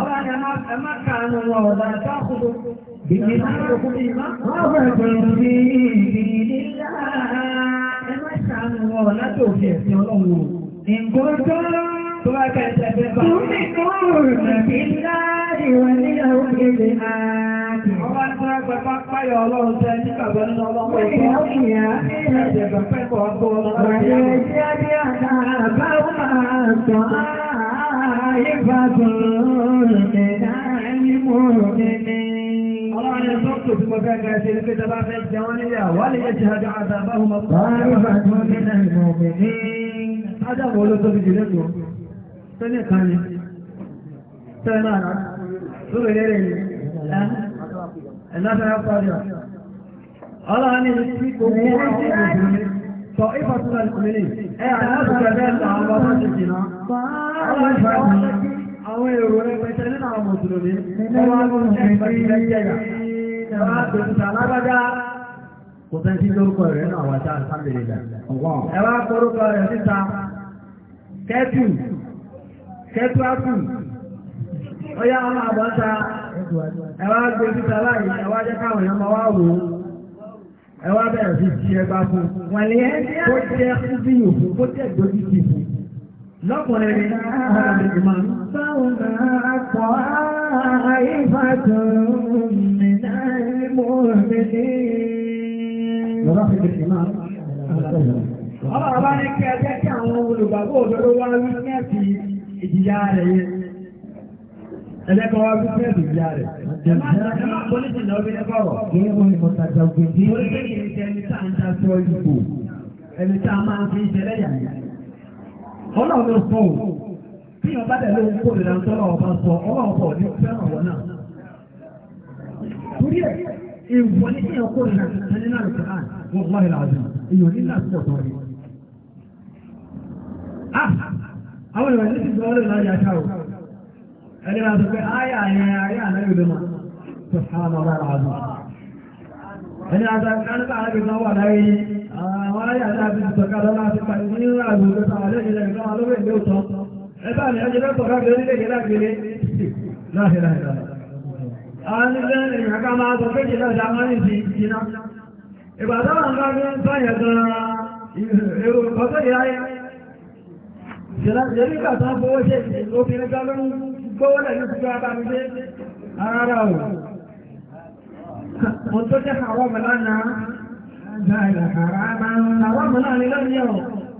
Ọba ni ẹ má kàánú wọn ọ̀dà atákú tó kú. Bìkì máa ń lòkú bí má. Wọ́n fọ́tò bí kìíní nìlá. Ẹ má kàánú wọn ọ̀dà tó fi ẹ̀sìn ọlọ́run. Ìgbòdó tó bá kẹsẹ̀ fẹ́ bá wọn. Ìgbòdó tó bá kẹsẹ̀ fẹ́ bá wọn. Ọba tó rẹ̀ pẹ̀pá páyọ̀ ọlọ́run tẹ́ nígbàgbọ́ nínú ọlọ́pọ̀ ìgbòdó. Ìjẹ̀bẹ̀ pẹ̀pọ̀ ọgbọ́ ọlọ́run. Ìjẹ̀bẹ̀ jẹ́ àdára bá wà sọ ààyè bá tó rẹ̀ náà ní mú rẹ̀ ní. الفرق في مكان شركة تبع الجوانب وليشهد عذابهما طائفة من المؤمنين هذا هو الذي يجب سنة ثانية سنة شو غير الناس يقطعون الله أن يسلكوا طائفة من المؤمنين أي الناس كذلك على بعض الجنة الله يفعل àwọn èrò rẹ̀ pẹ̀tẹ̀ nínú àwọn mùsùlùmí ọwọ́ àwọn mùsùlùmí ẹ̀rọ àgbẹ̀kùtà alágbádá kò fẹ́ sí lórúkọ rẹ̀ náà wà tá àlùfáàmìlélà ẹ̀rọ àkọrúkọ rẹ̀ síta kẹ́tù kẹ́tù ápù ó yá ọmọ àbọ̀ta ẹ̀rọ àgbẹ̀kùtà láì ẹ̀rọ ajẹ́ káwọn èèyàn wá wò ó ẹ̀rọ abẹ́rẹ́ sí ti ẹgbà fún wọn lè المؤمنين مرافق الإمام ọ̀rọ̀ ọba ní kí ẹjẹ́ kí àwọn olùgbàgbọ́ òdòdó wá wípẹ́ẹ̀tì ìjìyà rẹ̀ yẹ wá ìjìyà rẹ̀ ni ń ta sọ ìbò ẹni a máa ìwọ ní kí ẹ kó ìlà ẹni náà lè kàn wọ́n wá ìlà àdúrà èèyàn ní láti pọ̀ tọ́rí. àwọn ìwà yìí ti sọ ọ́rẹ́ láyé aṣá o ẹni náà sọ pé ayé àyè ayé ànáyò lè máa tó sáàmà wà láàdù. ẹni náà sọ pé kánípa àlábì náà wà láyé àwọn ayé àti àti ìsọ̀ká lọ́la ti pàdé ní ìrìn àjò tó sàwọn lẹ́yìn lẹ́yìn náà lọ́wọ́ ìlú ọ̀tọ̀ ẹ bá mi ẹjẹ bẹ́ẹ̀ pọ̀ àwọn nílẹ̀ ìrìnàká máa sọ pé jìlá ìdá máa ń di iná ìgbàdáwà ń bá bí ń sáyẹ̀ gan-an èrò ọ̀tọ́ ìráyẹ jẹ́lẹ́ ìgbàtà fowó ṣe obìnrin gbá lórí gbówó lẹ́yìn tí ó bá gbé ara ò mo tó jẹ́ àwọn mẹ́lá náà àwọn mẹ́lá ní lọ́nà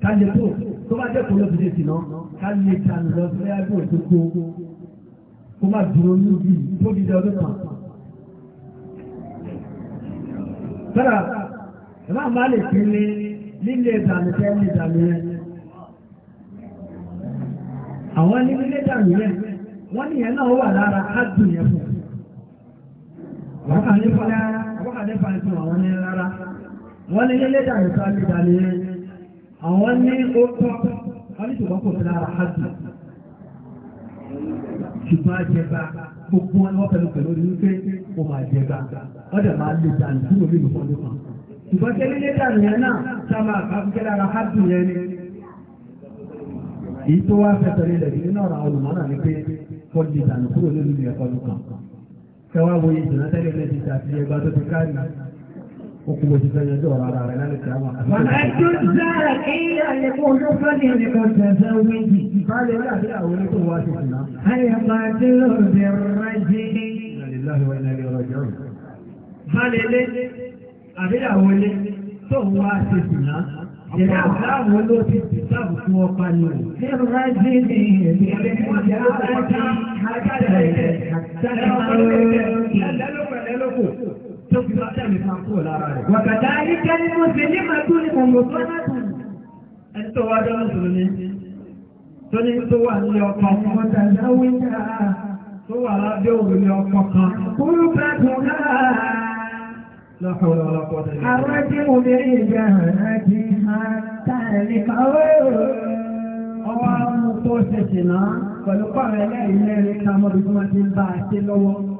ká tó tó bá jẹ́ kó lọ́ọ́ fìdí ìsìn náà ká lè ta lọ sí ẹgbẹ́ kó má dúró ní ibi tó di, jẹ ọdún kan. Sára, ẹ̀rọ àmà lè fi ní lílé ìdàmì tẹ́ ní ìdàmì yẹn. Àwọn ní lílé ìdàmì yẹn, wọ́n ní yẹn náà wà lára ádùn yẹn fún. Wọ́n kà ní fọ́lẹ́ rárá, wọ́n kà ní fọ́lẹ́ fún àwọn ní rárá. Wọ́n ní lílé ìdàmì tẹ́ ní ìdàmì yẹn. àwọn ní orúkọ alìsùgbọ́n kò lára hajji ṣùgbọ́n àjẹba gbogbo wọn wọ́n pẹ̀lú pẹ̀lú wípé o máa jẹba ọdẹ máa lè dànù tí omi lùfọ́ ló ṣùgbọ́n tẹ́lẹ̀ lé dànù náà sáma àbúkẹ́ lára hajji yẹn ni èyí tó wá fẹ́ tẹ̀lé lẹ̀ nínú ọ̀rọ̀ àwọn olùmọ́nà ni pé kọ́ lè dànù kúrò lórí ẹ̀kọ́ ló kàn kẹwàá wo ìdùnnà tẹ́lẹ̀ lẹ́ وكل شيء يدور على رنان الكرامة ومن تزار إلا يكون فليتزوج قال ولا بلا ولكم واسفنا هل يقاتل بالرجل لله وإنا إليه راجعون قال لي أبلا ولي tóun wá ṣe ṣìnà ìrìn àbáwọn olóòtú ti sáàbù fún ọpa ni o. ṣé rájí ni èmi ẹgbẹ́ tí wọ́n ti rájí ajáde ẹ̀ẹ́dẹ́gbẹ̀rún ìlẹ́lọ́pẹ̀lẹ́lọ́pọ̀ tó fi ọjọ́ mi kan tó ní ní tó wà ní ọkọ̀ ọmọ tó wà lábẹ́ òun ní ọkọ̀ kan. Kúrú pẹ̀lú náà. Lọ́kọ̀ ọlọ́pọ̀ Àwọn tí mo lè yẹ àrájí máa tàlé kàwé. Ọwọ́ àwọn tó ṣẹ̀ṣẹ̀ náà pẹ̀lú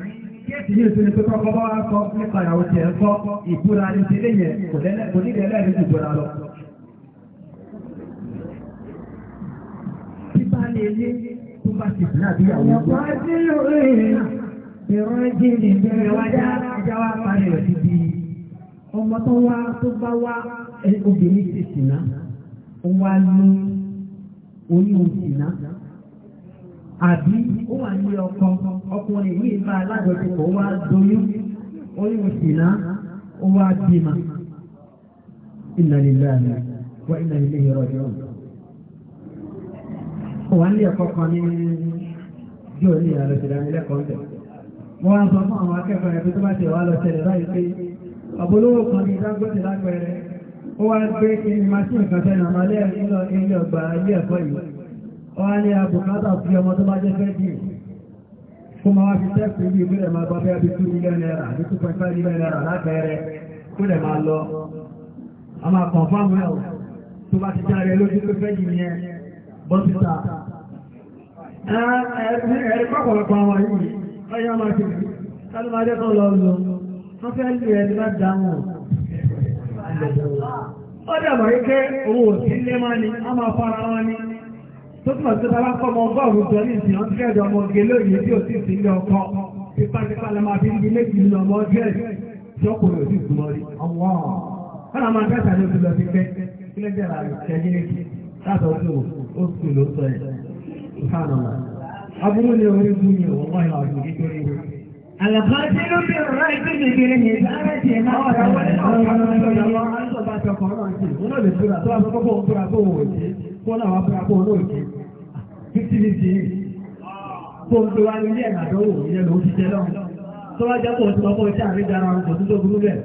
kéèkì yìí tó ní pé kọ́kọ́ bá wá sọ nípa ìyàwó tiẹ̀ ń kọ́ ìbúra ní ti léyẹ kò ní ìdẹ́lẹ́ ní ìbúra lọ. Bíbá lè lé tó bá ti bìnà bí àwọn ọmọ. Ọ̀pọ̀ sí lórí ìrọ́jì ní ìbẹ̀rẹ̀ wájá ìjà wa parí rẹ̀ ti Ọmọ tó wá tó bá wá obìnrin ti sìnà, ó wá ní oyún sìnà. àbí ó wà ní ọkọ ọkùnrin yìí bá alájọṣepọ̀ wá doyún oyún ìsìnà ó wá bímọ inna lillahi wa inna ilayhi raji'un. kò wá ní ẹ̀kọ́ kan ní bí ní ìyàrá ìṣẹ̀lẹ̀ ilẹ̀kọ́ wọ́n sọ fún àwọn akẹ́kọ̀ọ́ ẹ̀kọ́ tó bá ti wá lọ pé kan ní lágbẹ̀rẹ̀ ó wá gbé kí ni wọ́n ní àbùkátà fi ọmọ tó bá jẹ́ fẹ́ dì fún ma wá fi tẹ́ẹ̀kì ní ìbílẹ̀ máa gba bẹ́ẹ̀ bí two million naira àbí two point five million naira lábẹ́rẹ́ kó lè máa lọ a máa kàn fáwọn ẹ̀ tó bá ti járe lójú pé fẹ́ yìí yẹn bọ́ síta ẹ̀rí pọ̀pọ̀lọpọ̀ àwọn yìí ọyọ́ máa ti rí kálí máa jẹ́ kan lọ lọ wọ́n fẹ́ lè ẹni bá dáhùn ó dàbọ̀ yìí pé owó òsínlé a máa fara wọn ní tó túnmọ̀ sí bàbá kọ́ ọmọ ọgọ́rùn-ún jọ ní ìsìn ọdún kẹjọ ọmọ ògè lóyìn tí ó sì sí ilé ọkọ tipátipá la máa fi ń di méjì nínú ọmọ ọjọ́ ẹ̀ tí ọkùnrin ò sì kú lọ rí ọmọ ọ̀hún ọmọ akẹ́kọ̀ọ́ ló ti lọ sí pé kílẹ̀ jẹ́ra kẹ́yìn èkì láti ọdún ó sì ló sọ ẹ̀ ìfàànà wọn. abúlé ni orí gún ni òun wáyà ọ̀dùn nítorí rẹ̀. Àlàkọ́sí ló bí ọ̀rọ̀ ìgbìmọ̀ ìgbìmọ̀ ní ìdáhùn ti máa wà lọ́wọ́ ní ọ̀rọ̀ ìgbìmọ̀ ìgbìmọ̀ bọ́lá wa bá bọ́ náà tó ń tó wá ní ilé ẹ̀nà àdánwò ìyẹn ti jẹ́ náà tó wá jẹ́ tí wọ́n bọ́ iṣẹ́ àríjà ara tó burú bẹ̀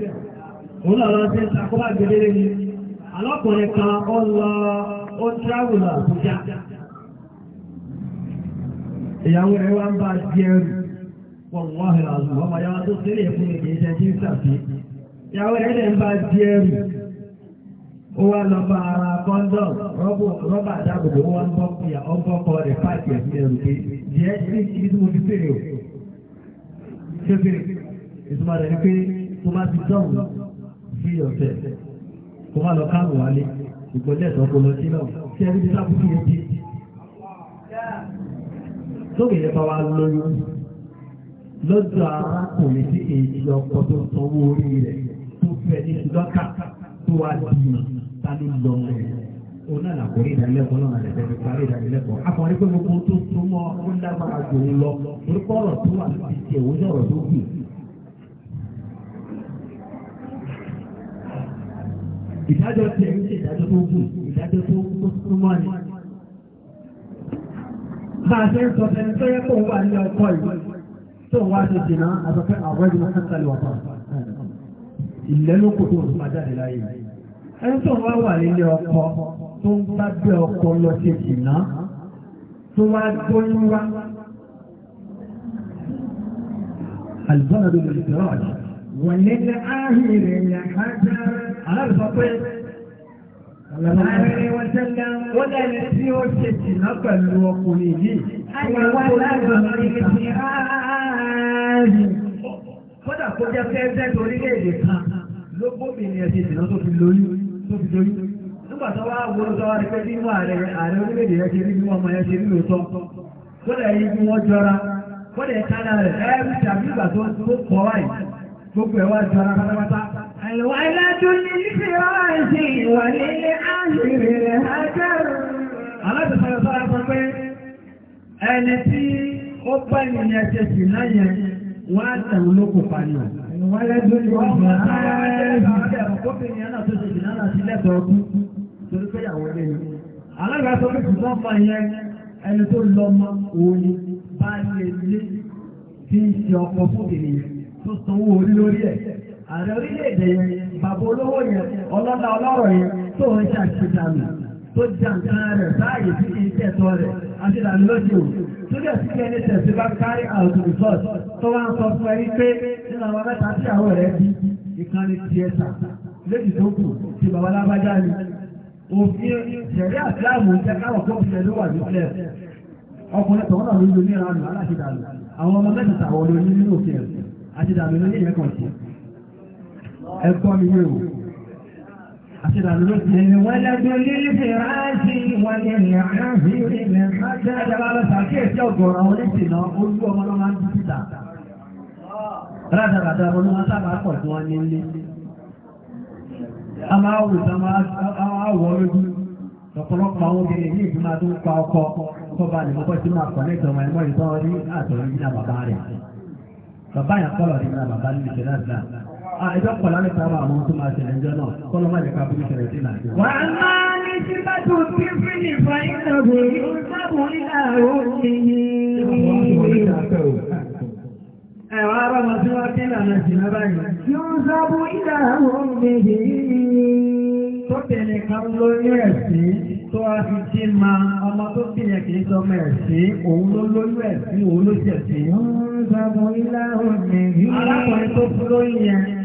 ìyàwó rẹ̀ wá ń bá ẹrù ó wá lọ bá ara kọ́ńdọ̀m rọ́bà dábòbò ó wá ń bọ́ ìyà rẹ̀ pàtì ẹ̀sìn ẹ̀rù pé jẹ́ sí ibi tí mo fi fèrè o ṣé fèrè ìtumọ̀ rẹ̀ ni pé tó bá ti dọ̀wù sí ọ̀sẹ̀ kó má lọ káàrùn wálé ìpínlẹ̀ tó kó lọ sí náà tí ẹni tí sábà fi ti lókè yẹn bá wa lóyún lọ́jọ́ arákùnrin tí kì ọkọ̀ tó sanwó orí rẹ̀ tó fẹ́ ní ṣùgbọ́n ká tó wá dì í ta ló lọ rẹ̀ òun náà làkúrẹ́ ìdánilẹ́kọ̀ọ́ náà lẹ́sẹ̀ fi parí ìdánilẹ́kọ̀ọ́ akọ̀rí pé gbogbo tó súnmọ́ ó lágbára jò ń lọ orúkọ ọ̀rọ̀ tó wà lórí ti ẹ̀wọ́ sọ̀rọ̀ tó kù. ìdájọ́ tiẹ̀ ń ṣe ìdájọ́ tó kù ìdájọ́ tó súnmọ́ ni bá a ṣe ń sọ fẹ́ni tó yẹ kó wà ní ọkọ̀ yìí tó wá ṣe jìnnà àtọ́fẹ́ àwọn ẹgbẹ́ ìlẹ́lókòtò òṣùpá jáde láyé ẹni tó wá wà nílé ọkọ tó ń bá gbé ọkọ lọ ṣe ìná tó wá gbóyún wá àlùbọ́nà tó lè tẹ̀rọ àjọ. wọ́n lé ní áhìrì ìyá kájá alábìsọ pé Ààrẹ wọn tẹ́lẹ̀ wọ́n lẹ́ni tí ó ṣe ìná pẹ̀lú ọkùnrin yìí. Àyẹ̀wò aláàbọ̀ ní ti ààrẹ. Kódà kó jẹ́ fẹ́ẹ́ fẹ́ torílẹ̀-èdè kan ló gómìnà ẹ̀ṣẹ̀ tó fi lóyún tó fi dorí nígbà tó wá wo sọ wá rí pé nínú ààrẹ ààrẹ orílẹ̀-èdè yẹn ṣe rí bí wọ́n mọ yẹn ṣe rẹ̀ ẹ̀rù tàbí sọ́rọ̀ sọ pé ẹni tí ó bá ènìyàn ṣe náà yẹn wọ́n á tẹ̀wọ́ lókò pa wọ́lẹ́dún ní ọ̀gbìn ẹni tó lọ ma òní bá lè lé tí ń ṣe ọkọ̀ fún ènìyàn tó sanwó orí lórí ẹ̀. ààrẹ orílẹ̀-èdè yẹn bàbá olówó yẹn ọlọ́lá ọlọ́rọ̀ yẹn tó ń ṣàṣìdàmì tó jà nǹkan rẹ̀ báyìí sí ìtẹ̀tọ́ rẹ̀ àti ìdánilójú o tó jẹ́ sí ẹni tẹ̀sí bá kárí àwọn resort tó wá ń sọ fún ẹni pé nínú àwọn mẹ́ta tí àwọn rẹ̀ bí ìkànnì tiẹ̀ sà tó kù ti bàbá lábájá ni òfin ṣẹ̀rí àtìláàmù ń jẹ́ káwọ̀ tó ṣẹ̀ ló wà nípìnlẹ̀ ọkùnrin tọ̀wọ́n ló ń lo ní ìranù aláṣẹ̀dàlù àwọn ọmọ mẹ́ta àwọn olóyún nínú òfin àti ìdàlù lóyún yẹn kàn Ìwọ́lẹ́gbẹ́ lílẹ̀ ráàsì ìwọ́lẹ́ ìrìnàjò ìrìnàjò. Ẹjọba lọ sàkíyèsí ọ̀gọ̀rọ̀ oníṣìná olú ọmọ ló máa ń dúdú tà. Rádàràdà ọmọ máa sábà pọ̀ tí wọ́n ní ilé. A máa wù sá máa wọ̀ lójú. Ọ̀pọ̀lọpọ̀ àwọn obìnrin ní ìgbìmọ̀ tó ń pa ọkọ kọ́ bá lè mọ́kọ́ sí máa kọ̀ lẹ́tọ̀ ọmọ ẹ̀mọ́ ìtọ́ ní àtọ̀rọ̀ ìgbìmọ̀ bàbá rẹ̀. Bàbá yàn kọ́lọ̀ nígbà bàbá ní ìṣẹ̀lẹ̀ àdúrà ẹjọ́ pọ̀ lálẹ́ sábà àwọn tó máa ṣẹlẹ̀ ẹjọ́ náà kọ́lọ́ máa jẹ́ ká bíi sí nàìjíríà. wà máa ní sípàtò tí fílì fàyínàbò yóò sábò nílà òkè yìí. ẹ̀wà wọn tí wọ́n kílà náà jì náà báyìí. yóò sábò nílà òkè tó tẹ̀lé kan lóyún ẹ̀sìn tó a fi jí ma ọmọ tó bí yẹn kì í òun ló lóyún ẹ̀sìn òun ló ṣẹ̀sìn. yóò sábò nílà òkè alákùnrin tó fún lóyún yẹn.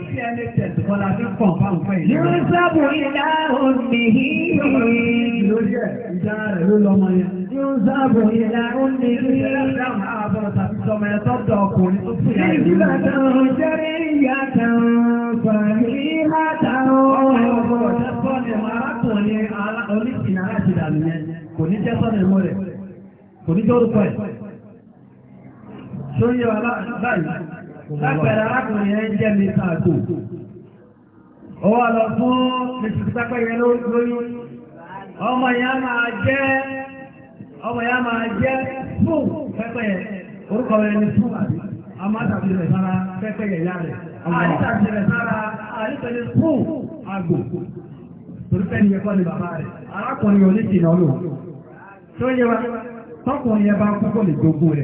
sí ẹni tẹ̀sí kọ́lá fi kàn fáwọn fẹ́ ìlú. Yóò sábò ìdá òní yìí. Lórí ẹ̀ ìdá rẹ̀ ló lọ́mọ yẹn. Yóò sábò ìdá òní yìí. Ìṣẹ̀lẹ̀ dáhùn àbọ̀ tàbí sọmọ ẹ̀ tọ́jọ́ ọkùnrin tó fìyà ìlú. Ìbàdàn jẹ́rìí ìyá kan pàrí látàrán. Ọ̀pọ̀ ọ̀jẹ̀ sọ́ni arákùnrin oníṣìí aláṣẹ dànù yẹn. Kò ní jẹ́ sọ́ni mọ́ rẹ̀. Kò ní jẹ́ orúkọ ẹ̀. Ṣé ó yẹ wa báyìí? Lápẹ̀rẹ̀ arákùnrin yẹn jẹ́ mi sàtò. Ó wà lọ fún Mrs. Sápẹ́yẹ lóyún. Ọmọ yẹn máa jẹ́ ọmọ yẹn máa jẹ́ fún pẹ́pẹ́yẹ. Orúkọ rẹ̀ ni fún àbí. A máa tàbí rẹ̀ sára pẹ́pẹ́yẹ yá rẹ̀. A máa tàbí rẹ̀ sára àríkẹ́lẹ̀ fún àgbò. Torúkẹ́ ni ẹ̀kọ́ ni bàbá rẹ̀. Arákùnrin ò ní tì náà lò. Tó yẹ wa, tọkùnrin yẹn bá kúkọ̀ lè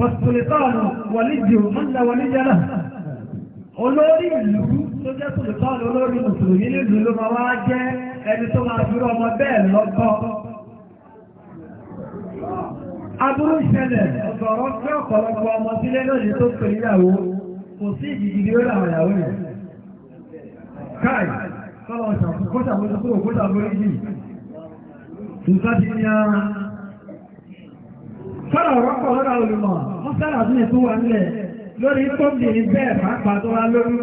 fọ̀sùlùtọ́ọ̀nù wọ̀líjì ọ̀nà wọ̀líjì náà olórí ìlú tó jẹ́ sùlùtọ́ọ̀nù olórí mùsùlùmí nílùú ló máa wá jẹ́ ẹni tó máa dúró ọmọ bẹ́ẹ̀ lọ́gbọ́ aburú ìṣẹ̀lẹ̀ ọ̀gọ̀rọ̀ fẹ́ ọ̀pọ̀lọpọ̀ ọmọ Sọ́rọ̀ rọ́pọ̀ lọ́dọ̀ olùmọ̀, wọ́n sọ́rọ̀ sílẹ̀ tó wà nílẹ̀ lórí tóbìnrin bẹ́ẹ̀ pàápàá tó wá lórí.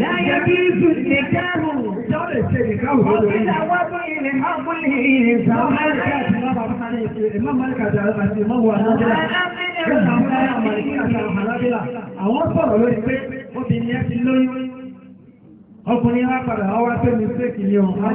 Láyé bí ìsù nìkáhù, tó lè ṣe nìkáhù lórí. Wọ́n ti dáwọ́ tó ilẹ̀ máa ń ìrìn sáwọn ẹ̀ka àti máa ọkùnrin wá padà ọwá tó ní séèkì ní ọ̀hún. Àwọn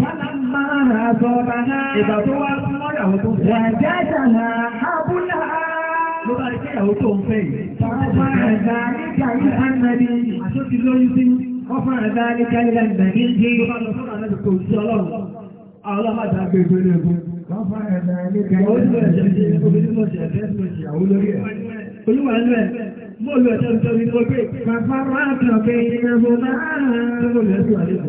Fálámára àbọ̀bà náà. Ìgbà tó wá súnmọ́ ìyàwó tó fẹ́. Wàjájà náà ábúlá. Ló bá rí pé ìyàwó tó ń fẹ́ yìí. Ọ̀pá ẹ̀dá nígbà yìí á nàbí. Àṣó ti lóyún sí. Ọ̀pá ẹ̀dá nígbà yìí á nàbí. Ló bá lọ sọ́dọ̀ àlejò kò sí ọlọ́run. Àwọn ọlọ́mọdé àgbègbè lè bọ́. Ọ̀pá ẹ̀dá nígbà yìí á nàbí. Mo lọ ẹ̀ṣẹ́ nítorí mo gbé. Bàbá wa kàn bẹ́ẹ̀ ni mo máa ń. Mo lọ ẹ̀ṣẹ́ àlejò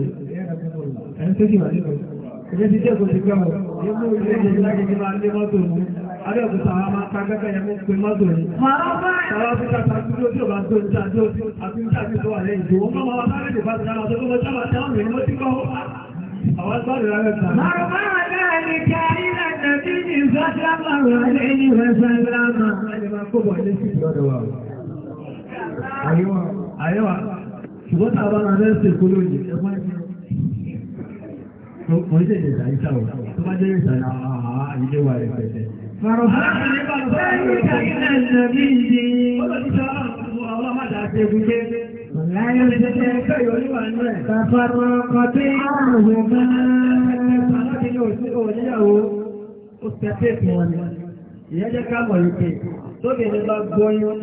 ẹni àwọn máa kágẹ́gẹ́ yẹn mú pé mọ́tò ní tàwọn fi kàkà dúró tí ó bá tó níta tó àti níta tó wà lẹ́yìn tó wọ́n máa bá rẹ̀ bá ti dára tó mọ́ sábà tí àwọn ènìyàn ti kọ́ àwọn gbọ́dọ̀ rẹ̀ tà. Màrùmá àdáàlì kárí láti bí ní ìfọ́sílámà wà lẹ́yìn ìfọ́sílámà. Àyẹ̀wà, rẹ̀ ṣèkúrò kò ń ṣèṣe ìṣàyíṣà o tó bá jẹ́ ìṣàyà àhà ilé wa rẹ̀ pẹ̀tẹ̀. Fàrọ̀ Ìyẹ́jẹ́ ká mọ̀ ìpè tóbi ní bá gbóyún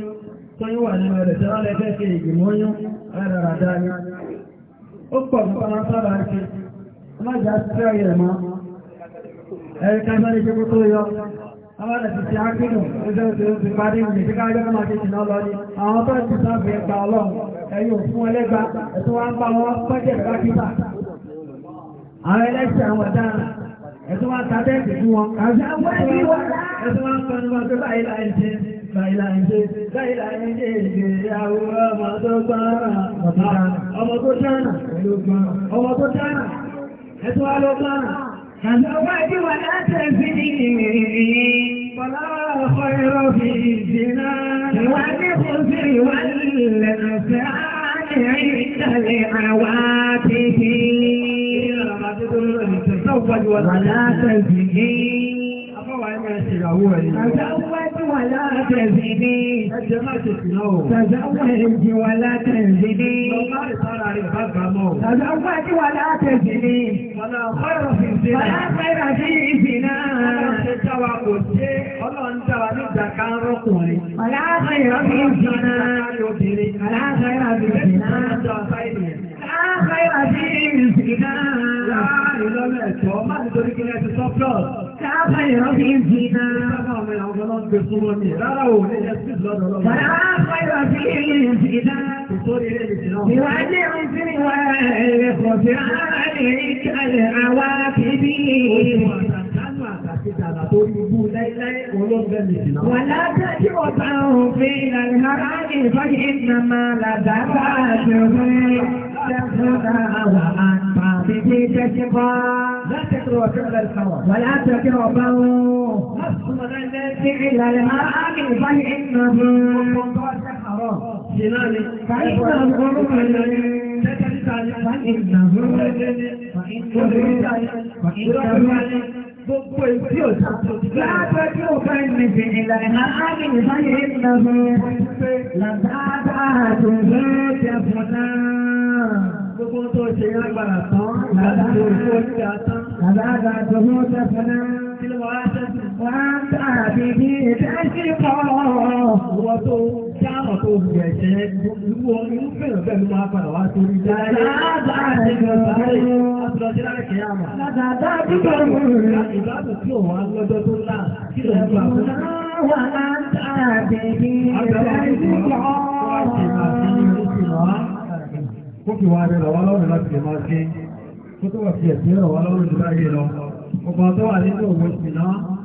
tó yí wà nínú ẹ̀rẹ̀ tí wọ́n lẹ́fẹ́ fi ìgbìmọ̀ yún ẹ̀rẹ̀ Ọlọ́jà tí káàjọ́ kan máa ṣe ṣìnà lọ ní. Àwọn tó ti sáfẹ́ ẹgbà ọlọ́run, ẹ̀tọ́ alọ́gbọ́n Àjọba ìdí wà láti fi ìrìnrìn, Bọ̀lá ọkọ̀ ẹ̀rọ fi ìdínà, ìwà ní kò sí ìwà ilẹ̀ ọ̀sẹ̀ àárín ìtàlẹ̀ àwá ti fi. Ìrọ̀lá ti tó lọ́rọ̀ ìtẹ̀sọ́ wájú wà láti fi ìrìn ẹ̀sìn ìyàwó ẹ̀yìn. Tàzáwẹ́dì wà látẹ̀sí bí. Ẹ̀jẹ̀ má ṣe sì náà. Tàzáwẹ́dì wà látẹ̀sí bí. Lọ́lá ìsára rẹ̀ bá gbà mọ́. Tàzáwẹ́dì wà látẹ̀sí bí. Wàlá fẹ́ràn sí ìsìn náà. Wàlá fẹ́ràn sí ìsìn náà. Ọlọ́run ṣe jáwa kò ṣe ọlọ́run jáwa ní ìjàkà torí kí lẹ́sí sọ́pọ̀. Káàbà ń fi náà. Káàbà ọmọ ìyàwó ọlọ́gbẹ̀ fún wọn ni. ولا تجعله بين الهرام فإنما لدفع شهر تخذها وأنت بكي تشفى ولا تجعله إلا الهرام فإنه فإنه فإنه فإنه فإنه فإنه Gbogbo èsì ọ̀sán tó ti gbà. Láàbẹ̀ tí ó fẹ́ mèjì ìlànà ágbègbè báyé ìlànà làbábà tó ló jẹ fún náà. Gbogbo tó ṣe lágbára tán, làbábà tó ló jẹ fún náà. Kí ló wá sẹ́sìn Wáńtà bíbí ìtẹ́síkọ̀ ọ̀wọ́ tó dáàmà tó bù ẹ̀jẹ̀ gbogbo irúfẹ́ ìrọ̀bẹ́ ló máa padà wá sórí dáadé. Láàbà ẹ̀jọ̀ sáré, àtúrọ̀jẹ́ láti kìí àmà. Láàbà dúpọ̀ mú rẹ̀. Ìbáàbò tí òun á lọ́jọ́ tó ńlá, kí ló ń gbà fún? Wáńtà bíbí ìtẹ́síkọ̀ ọ̀wọ́. Kó fi wá rẹ̀ lọ́wọ́ lọ́rùn láti lè máa ṣe, kó tó wà fi ẹ̀sìn rẹ̀ wá lọ́rùn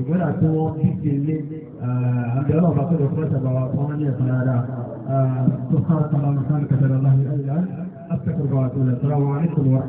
ìgbóná tí wọ́n kí sí ilé àbí ọlọ́ọ̀bá tó lè fọ́ ìṣàbàwà tó wọ́n ní ẹ̀sán dáadáa tó sáà sábà mẹ́sàn-án kẹtẹ́rẹ́ ọlọ́run ẹ̀yà afẹ́kọ̀ọ́ àti olùsọ́rọ̀ wọn ní kòlùwà